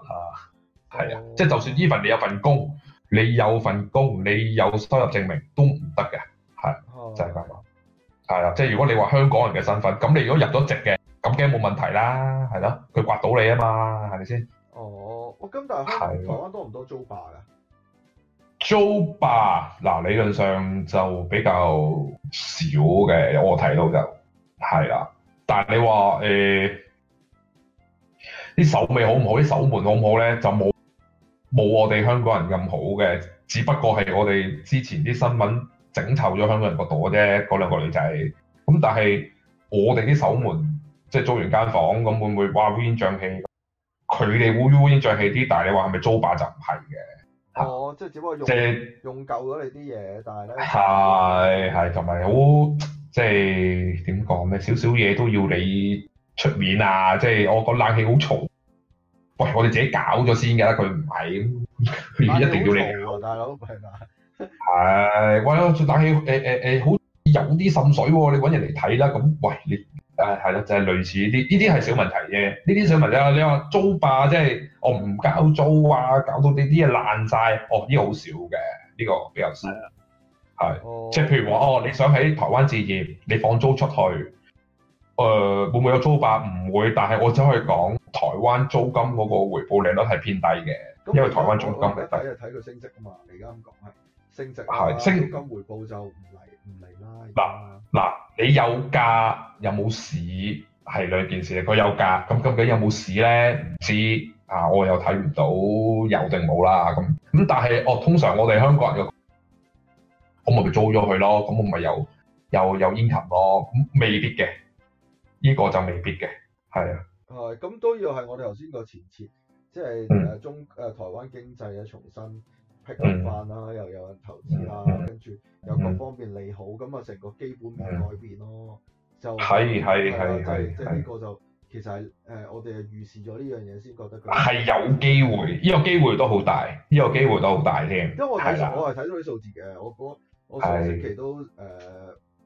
係啊、嗯、啊，即係就算呢份你有份工。你有份工，你有收入證明都唔得嘅。係就係、是、咁樣，係啦、嗯。即係如果你話香港人嘅身份，咁你如果入咗籍嘅，咁梗係冇問題啦，係咯，佢刮到你啊嘛，係咪先？哦，哇，咁但係台灣的多唔多租霸噶？租霸嗱，理論上就比較少嘅，我睇到就係啦。但係你話誒，啲手尾好唔好，啲手門好唔好咧，就冇。冇我哋香港人咁好嘅，只不過係我哋之前啲新聞整臭咗香港人個朵啫。嗰兩個女仔，咁但係我哋啲守門即係租完間房，咁會唔會哇烏煙瘴氣？佢哋烏烏煙瘴氣啲，但係你話係咪租霸就唔係嘅。哦，啊、即係是只不過用即係用舊咗你啲嘢，但係咧係係同埋好即係點講咧？少少嘢都要你出面啊！即係我個冷氣好嘈。喂，我哋自己搞咗先嘅，佢唔係，佢 [LAUGHS] 一定要嚟大佬。係， [LAUGHS] 喂，冷氣，誒、欸、誒、欸欸、好有啲滲水喎，哦，你搵人嚟睇啦。咁，喂，你，誒係啦，就係、是、類似呢啲，呢啲係小問題啫。呢啲小問題啦，你話租霸，即係我唔交租啊，搞到呢啲嘢爛晒，哦，呢個好少嘅，呢、這個比較少。係，即係譬如話，哦，你想喺台灣置業，你放租出去，誒、呃，會唔會有租霸？唔會，但係我只可以講。台灣租金嗰個回報率度係偏低嘅，因為台灣租金係低。睇睇佢升值啊嘛，你啱講係升值。係，升租金回報就唔嚟唔嚟啦。嗱嗱在，你有價有冇市係兩件事咧。佢有價，咁究竟有冇市咧？唔知啊，我又睇唔到有定冇啦。咁咁，但係哦，通常我哋香港人又我咪租咗佢咯，咁我咪有有有 income 咯。未必嘅，呢、呢個就未必嘅，係啊。係，咁都要係我哋頭先個前設，即係誒中誒台灣經濟咧重新批翻翻啦，又有人投資啦，跟住有各方面利好，咁啊成個基本面改變咯，就係係係即係呢個就其實係誒我哋係預視咗呢樣嘢先覺得佢係有機會，呢個機會都好大，呢個機會都好大添。因為其實我係睇到啲數字嘅，我我上星期都誒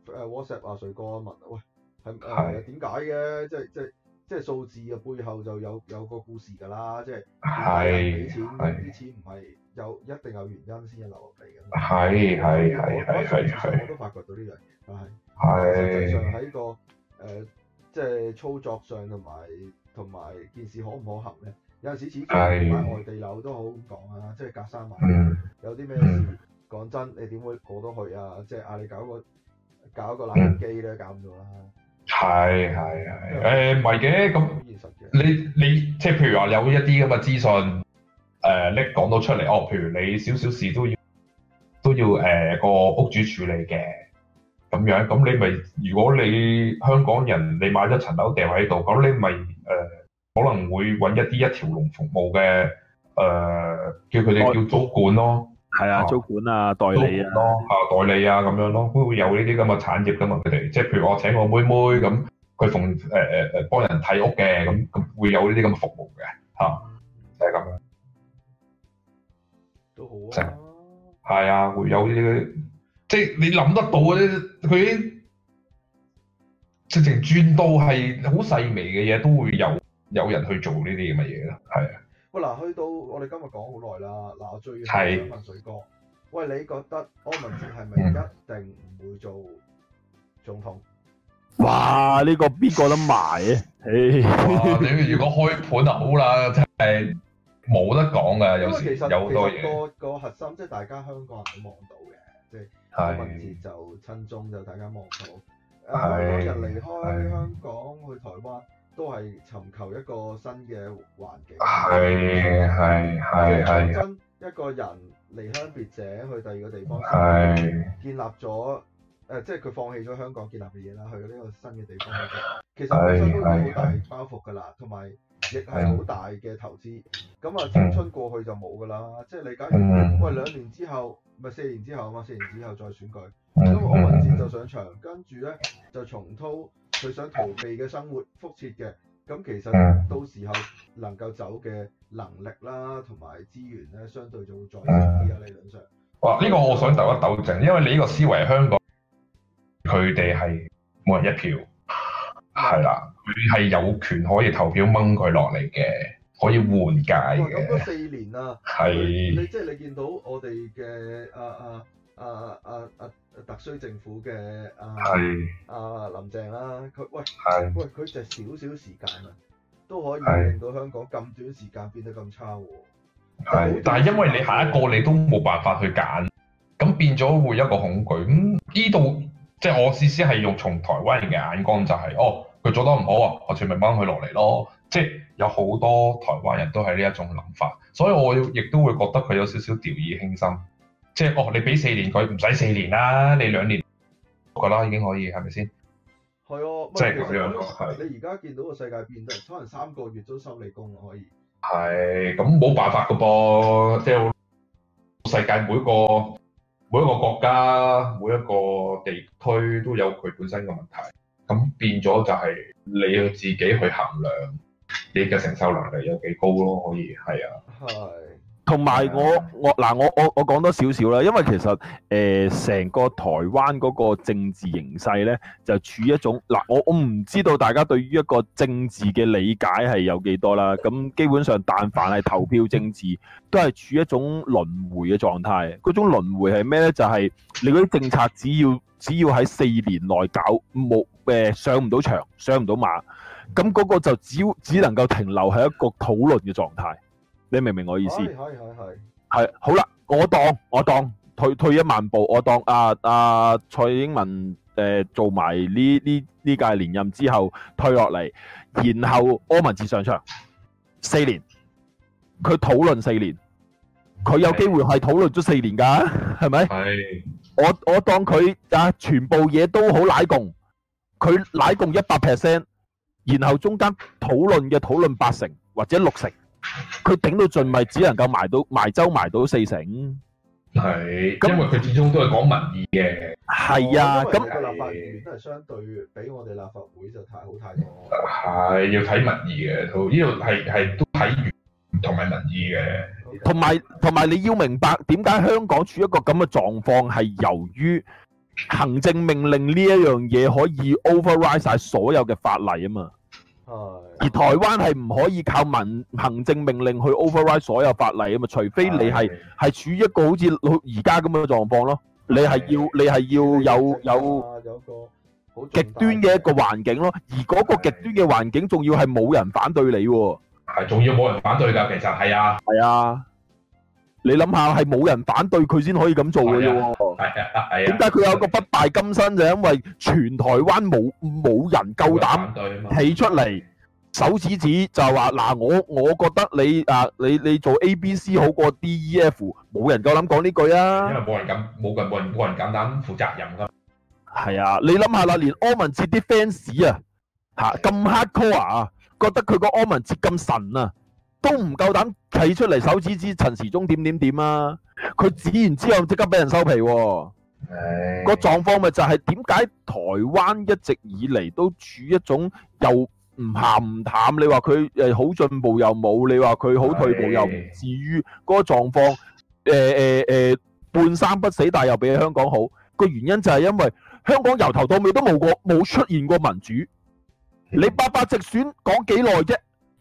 誒 WhatsApp 阿水哥問，喂係誒點解嘅，即係即係。即係數字嘅背後就有有個故事㗎啦，即係俾錢啲是錢唔係有一定有原因先有留落嚟嘅。係係係係係。我，我都發覺到呢樣嘢，係。係。實際上喺、呢個誒、呃、即係操作上同埋同埋件事可唔可行咧？有陣時始終是買外地樓都好咁講啊，即係隔山買。嗯。有啲咩事講、嗯、真，你點會過到去啊？即係啊！你搞個搞個冷氣咧，搞唔到啦。係係係，誒唔係嘅，咁、欸、你你即譬如話有一啲咁嘅資訊，誒、呃、你講到出嚟，哦，譬如你少少事都要都要誒、呃、個屋主處理嘅，咁樣咁你咪如果你香港人你買一層樓掟喺度，咁你咪誒、呃、可能會揾一啲一條龍服務嘅誒、呃，叫佢哋叫租管咯。係啊，租管啊，啊代理啊，都、啊啊、代理啊咁會有呢啲咁嘅產業㗎嘛。佢哋即係譬如我請我妹妹咁，佢、呃、幫人睇屋嘅咁，會有呢啲咁嘅服務嘅就係咁樣都好啊。係啊，會有呢啲，即係你諗得到嗰啲，佢直情轉到係好細微嘅嘢，都會有有人去做呢啲咁嘅嘢。喂嗱，去到我哋今日講好耐啦，嗱我最想問水哥，喂你覺得柯文哲係咪一定唔會做總統？哇！呢個邊個得埋啊？哇！你如果開盤就好啦，真係冇得講㗎，有時有好多嘢。個個核心即係大家香港人都望到嘅，即係柯文哲就親中就大家望到，咁多人離開香港去台灣。都係尋求一個新嘅環境，係係係係。即係重新一個人離鄉別井去第二個地方，建立咗，誒，即係佢放棄咗香港建立嘅嘢啦，去呢個新嘅地方。其實本身都已經好大包袱㗎啦，同埋亦係好大嘅投資。咁啊，青春過去就冇㗎啦。即係你假如喂兩年之後，咪四年之後啊嘛，四年之後再選舉，咁我民戰就上場，跟住咧就重蹈。佢想逃避嘅生活，覆轍嘅，咁其實到時候能夠走嘅能力啦，同埋資源咧，相對就會再少啲，理論上。哇、啊！呢以個我想鬥一鬥正，因為你呢個思維係香港，佢哋係冇人一票，係啦，佢係有權可以投票掹佢落嚟嘅，可以緩解嘅，咁四年啊，係的你即係、就是、你見到我哋嘅啊啊啊啊啊！啊啊啊特需政府嘅啊是啊林鄭啦、啊，佢喂是喂佢就少少時間嘛，都可以令到香港咁短時間變得咁差喎、啊。是啊、但係因為你下一個你都冇辦法去揀，咁變咗會一個恐懼。咁呢度即係我意思係用從台灣人嘅眼光就係、是，哦佢做得唔好啊，我全咪掹佢落嚟咯。即、就、係、是、有好多台灣人都係呢一種諗法，所以我亦都會覺得佢有少少掉以輕心。即係哦，你俾四年佢唔使四年啦，你兩年，我覺得已經可以，係咪先？係哦， [MUSIC] 啊、即係咁樣咯，係。是你而家見到個世界變動，可能三個月都收你工可以。係，咁、嗯、冇辦法噶噃，即係世界每一個每一個國家每一個地區都有佢本身嘅問題，咁變咗就係、是、你要自己去衡量你嘅承受能力有幾高咯，可以係啊。係。同埋我我嗱我我我講多少少啦，因為其實誒成、呃、個台灣嗰個政治形勢咧，就處一種嗱、呃、我我唔知道大家對於一個政治嘅理解係有幾多啦，咁基本上但凡係投票政治，都係處一種輪回嘅狀態。嗰種輪回係咩咧？就係、是、你嗰啲政策只要只要喺四年內搞冇誒、呃、上唔到場上唔到馬，咁嗰個就只只能夠停留喺一個討論嘅狀態。你明唔明我意思？可係係好啦，我當我當退退一萬步，我當阿阿、啊啊、蔡英文誒、呃、做埋呢呢呢屆連任之後退落嚟，然後柯文哲上場四年，佢討論四年，佢有機會係討論咗四年噶，係咪？係我我當佢啊，全部嘢都好奶共，佢奶共一百 percent，然後中間討論嘅討論八成或者六成。佢頂到盡咪只能夠埋到埋州埋到四成，係，咁因為佢始終都係講民意嘅，係啊，咁立法院都係相對比我哋立法會就太好太多，係要睇民意嘅，呢度係係都睇同埋民意嘅，同埋同埋你要明白點解香港處一個咁嘅狀況係由於行政命令呢一樣嘢可以 override 晒所有嘅法例啊嘛。而台灣係唔可以靠民行政命令去 override 所有法例啊嘛，除非你係係處於一個好似而家咁樣嘅狀況咯，你係要你係要有有極端嘅一個環境咯，而嗰個極端嘅環境仲要係冇人反對你喎，係仲要冇人反對㗎，其實係啊，係啊。你諗下，係冇人反對佢先可以咁做嘅啫喎。係啊，係啊，點解佢有個不敗金身？就係因為全台灣冇冇人夠膽起出嚟手指指就話嗱，我我覺得你啊，你你做 A B C 好過 D E F，冇人夠膽講呢句啊。因為冇人敢，冇人冇人冇人敢擔負責任㗎。係啊，你諗下啦，連柯文哲啲 fans 啊嚇咁 hardcore 啊，覺得佢個柯文哲咁神啊！都唔夠膽企出嚟手指指陳時中點點點啊！佢指完之後即刻俾人收皮喎，啊，個狀況咪就係點解台灣一直以嚟都處一種又唔鹹唔淡？你話佢好進步又冇，你話佢好退步又唔至於嗰個狀況，呃。呃呃、半生不死，但又比香港好，個原因就係因為香港由頭到尾都冇過，冇出現過民主，你八八直選講幾耐啫？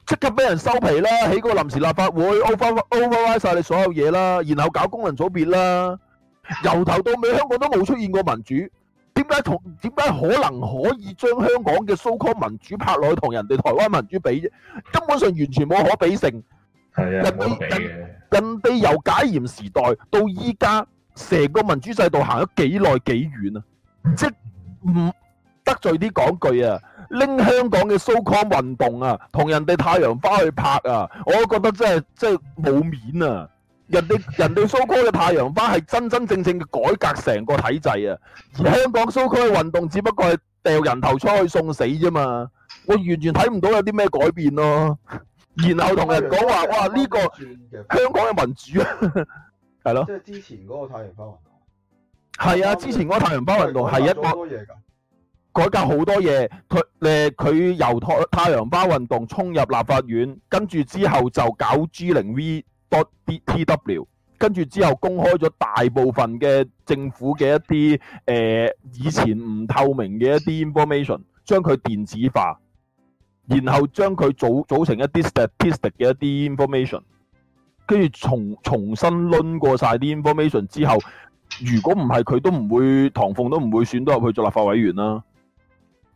即刻俾人收皮啦，起個臨時立法會，over wise, over 晒你所有嘢啦，然後搞功能組別啦，由頭到尾香港都冇出現過民主，點解同點解可能可以將香港嘅 so-called 民主拍落去同人哋台灣民主比啫？根本上完全冇可比性。係啊的，冇得比嘅。人哋近由解嚴時代到依家，成個民主制度行咗幾耐幾遠啊？即唔得罪啲講句啊！拎香港嘅蘇康運動啊，同人哋太陽花去拍啊，我都覺得真係真係冇面啊！人哋人哋蘇康嘅太陽花係真真正正嘅改革成個體制啊，而香港蘇康嘅運動只不過係掉人頭出去送死啫嘛，我完全睇唔到有啲咩改變咯、啊。然後同人講話，哇呢、呢個香港嘅民主 [LAUGHS] 啊，係咯，即係之前嗰個太陽花運動，係啊，之前嗰個太陽花運動係一個多嘢㗎改革好多嘢，佢誒佢由太太陽花運動衝入立法院，跟住之後就搞 G 零 V dot D T W，跟住之後公開咗大部分嘅政府嘅一啲誒、呃、以前唔透明嘅一啲 information，將佢電子化，然後將佢組組成一啲 statistic 嘅一啲 information，跟住重重新輪過曬啲 information 之後，如果唔係佢都唔會唐鳳都唔會選到入去做立法委員啦。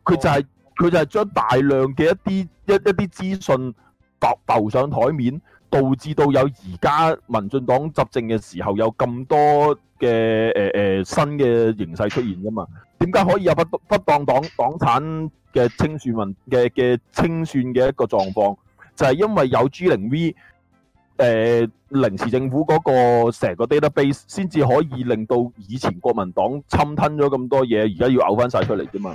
佢就係、是、佢就係將大量嘅一啲一一啲資訊擱浮上台面，導致到有而家民進黨執政嘅時候有咁多嘅誒誒新嘅形勢出現啫嘛。點解可以有不不當黨黨產嘅清算問嘅嘅清算嘅一個狀況？就係、是、因為有 G 零 V 誒、呃、臨時政府嗰個成個 database 先至可以令到以前國民黨侵吞咗咁多嘢，而家要嘔翻晒出嚟啫嘛。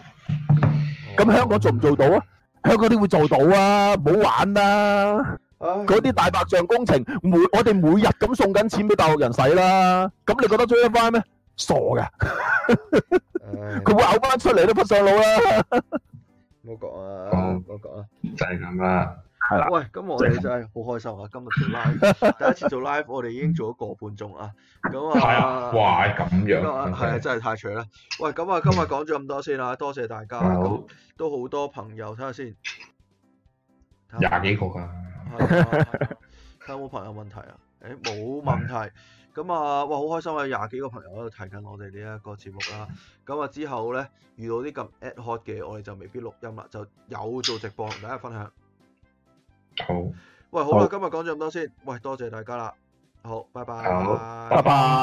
咁香港做唔做到啊？香港啲會做到啊！冇玩啦！嗰啲大白象工程每我哋每日咁送緊錢俾大陸人使啦。咁你覺得追得翻咩？傻噶！佢會咬翻出嚟都不上腦啦！冇講啊！冇講啊！就係咁啦～喂，咁我哋真係好開心啊！今日做 live， [LAUGHS] 第一次做 live，我哋已經做咗個半鐘啊！咁啊，哇，咁樣，係啊，真係太脆啦！ [LAUGHS] 喂，咁啊，今日講咗咁多先啦，啊，多謝大家， [LAUGHS] 都好多朋友睇下先，廿幾個噶，啊，睇有冇朋友問題啊？誒，冇問題，咁的啊，哇，好開心啊！廿幾個朋友喺度睇緊我哋呢一個節目啦，啊。咁啊，之後咧遇到啲咁 ad hoc 嘅，我哋就未必錄音啦，就有做直播同大家分享。好，好，喂，好啦，今日講咗咁多先，喂，多謝大家啦，好，拜拜，好，拜拜，拜拜。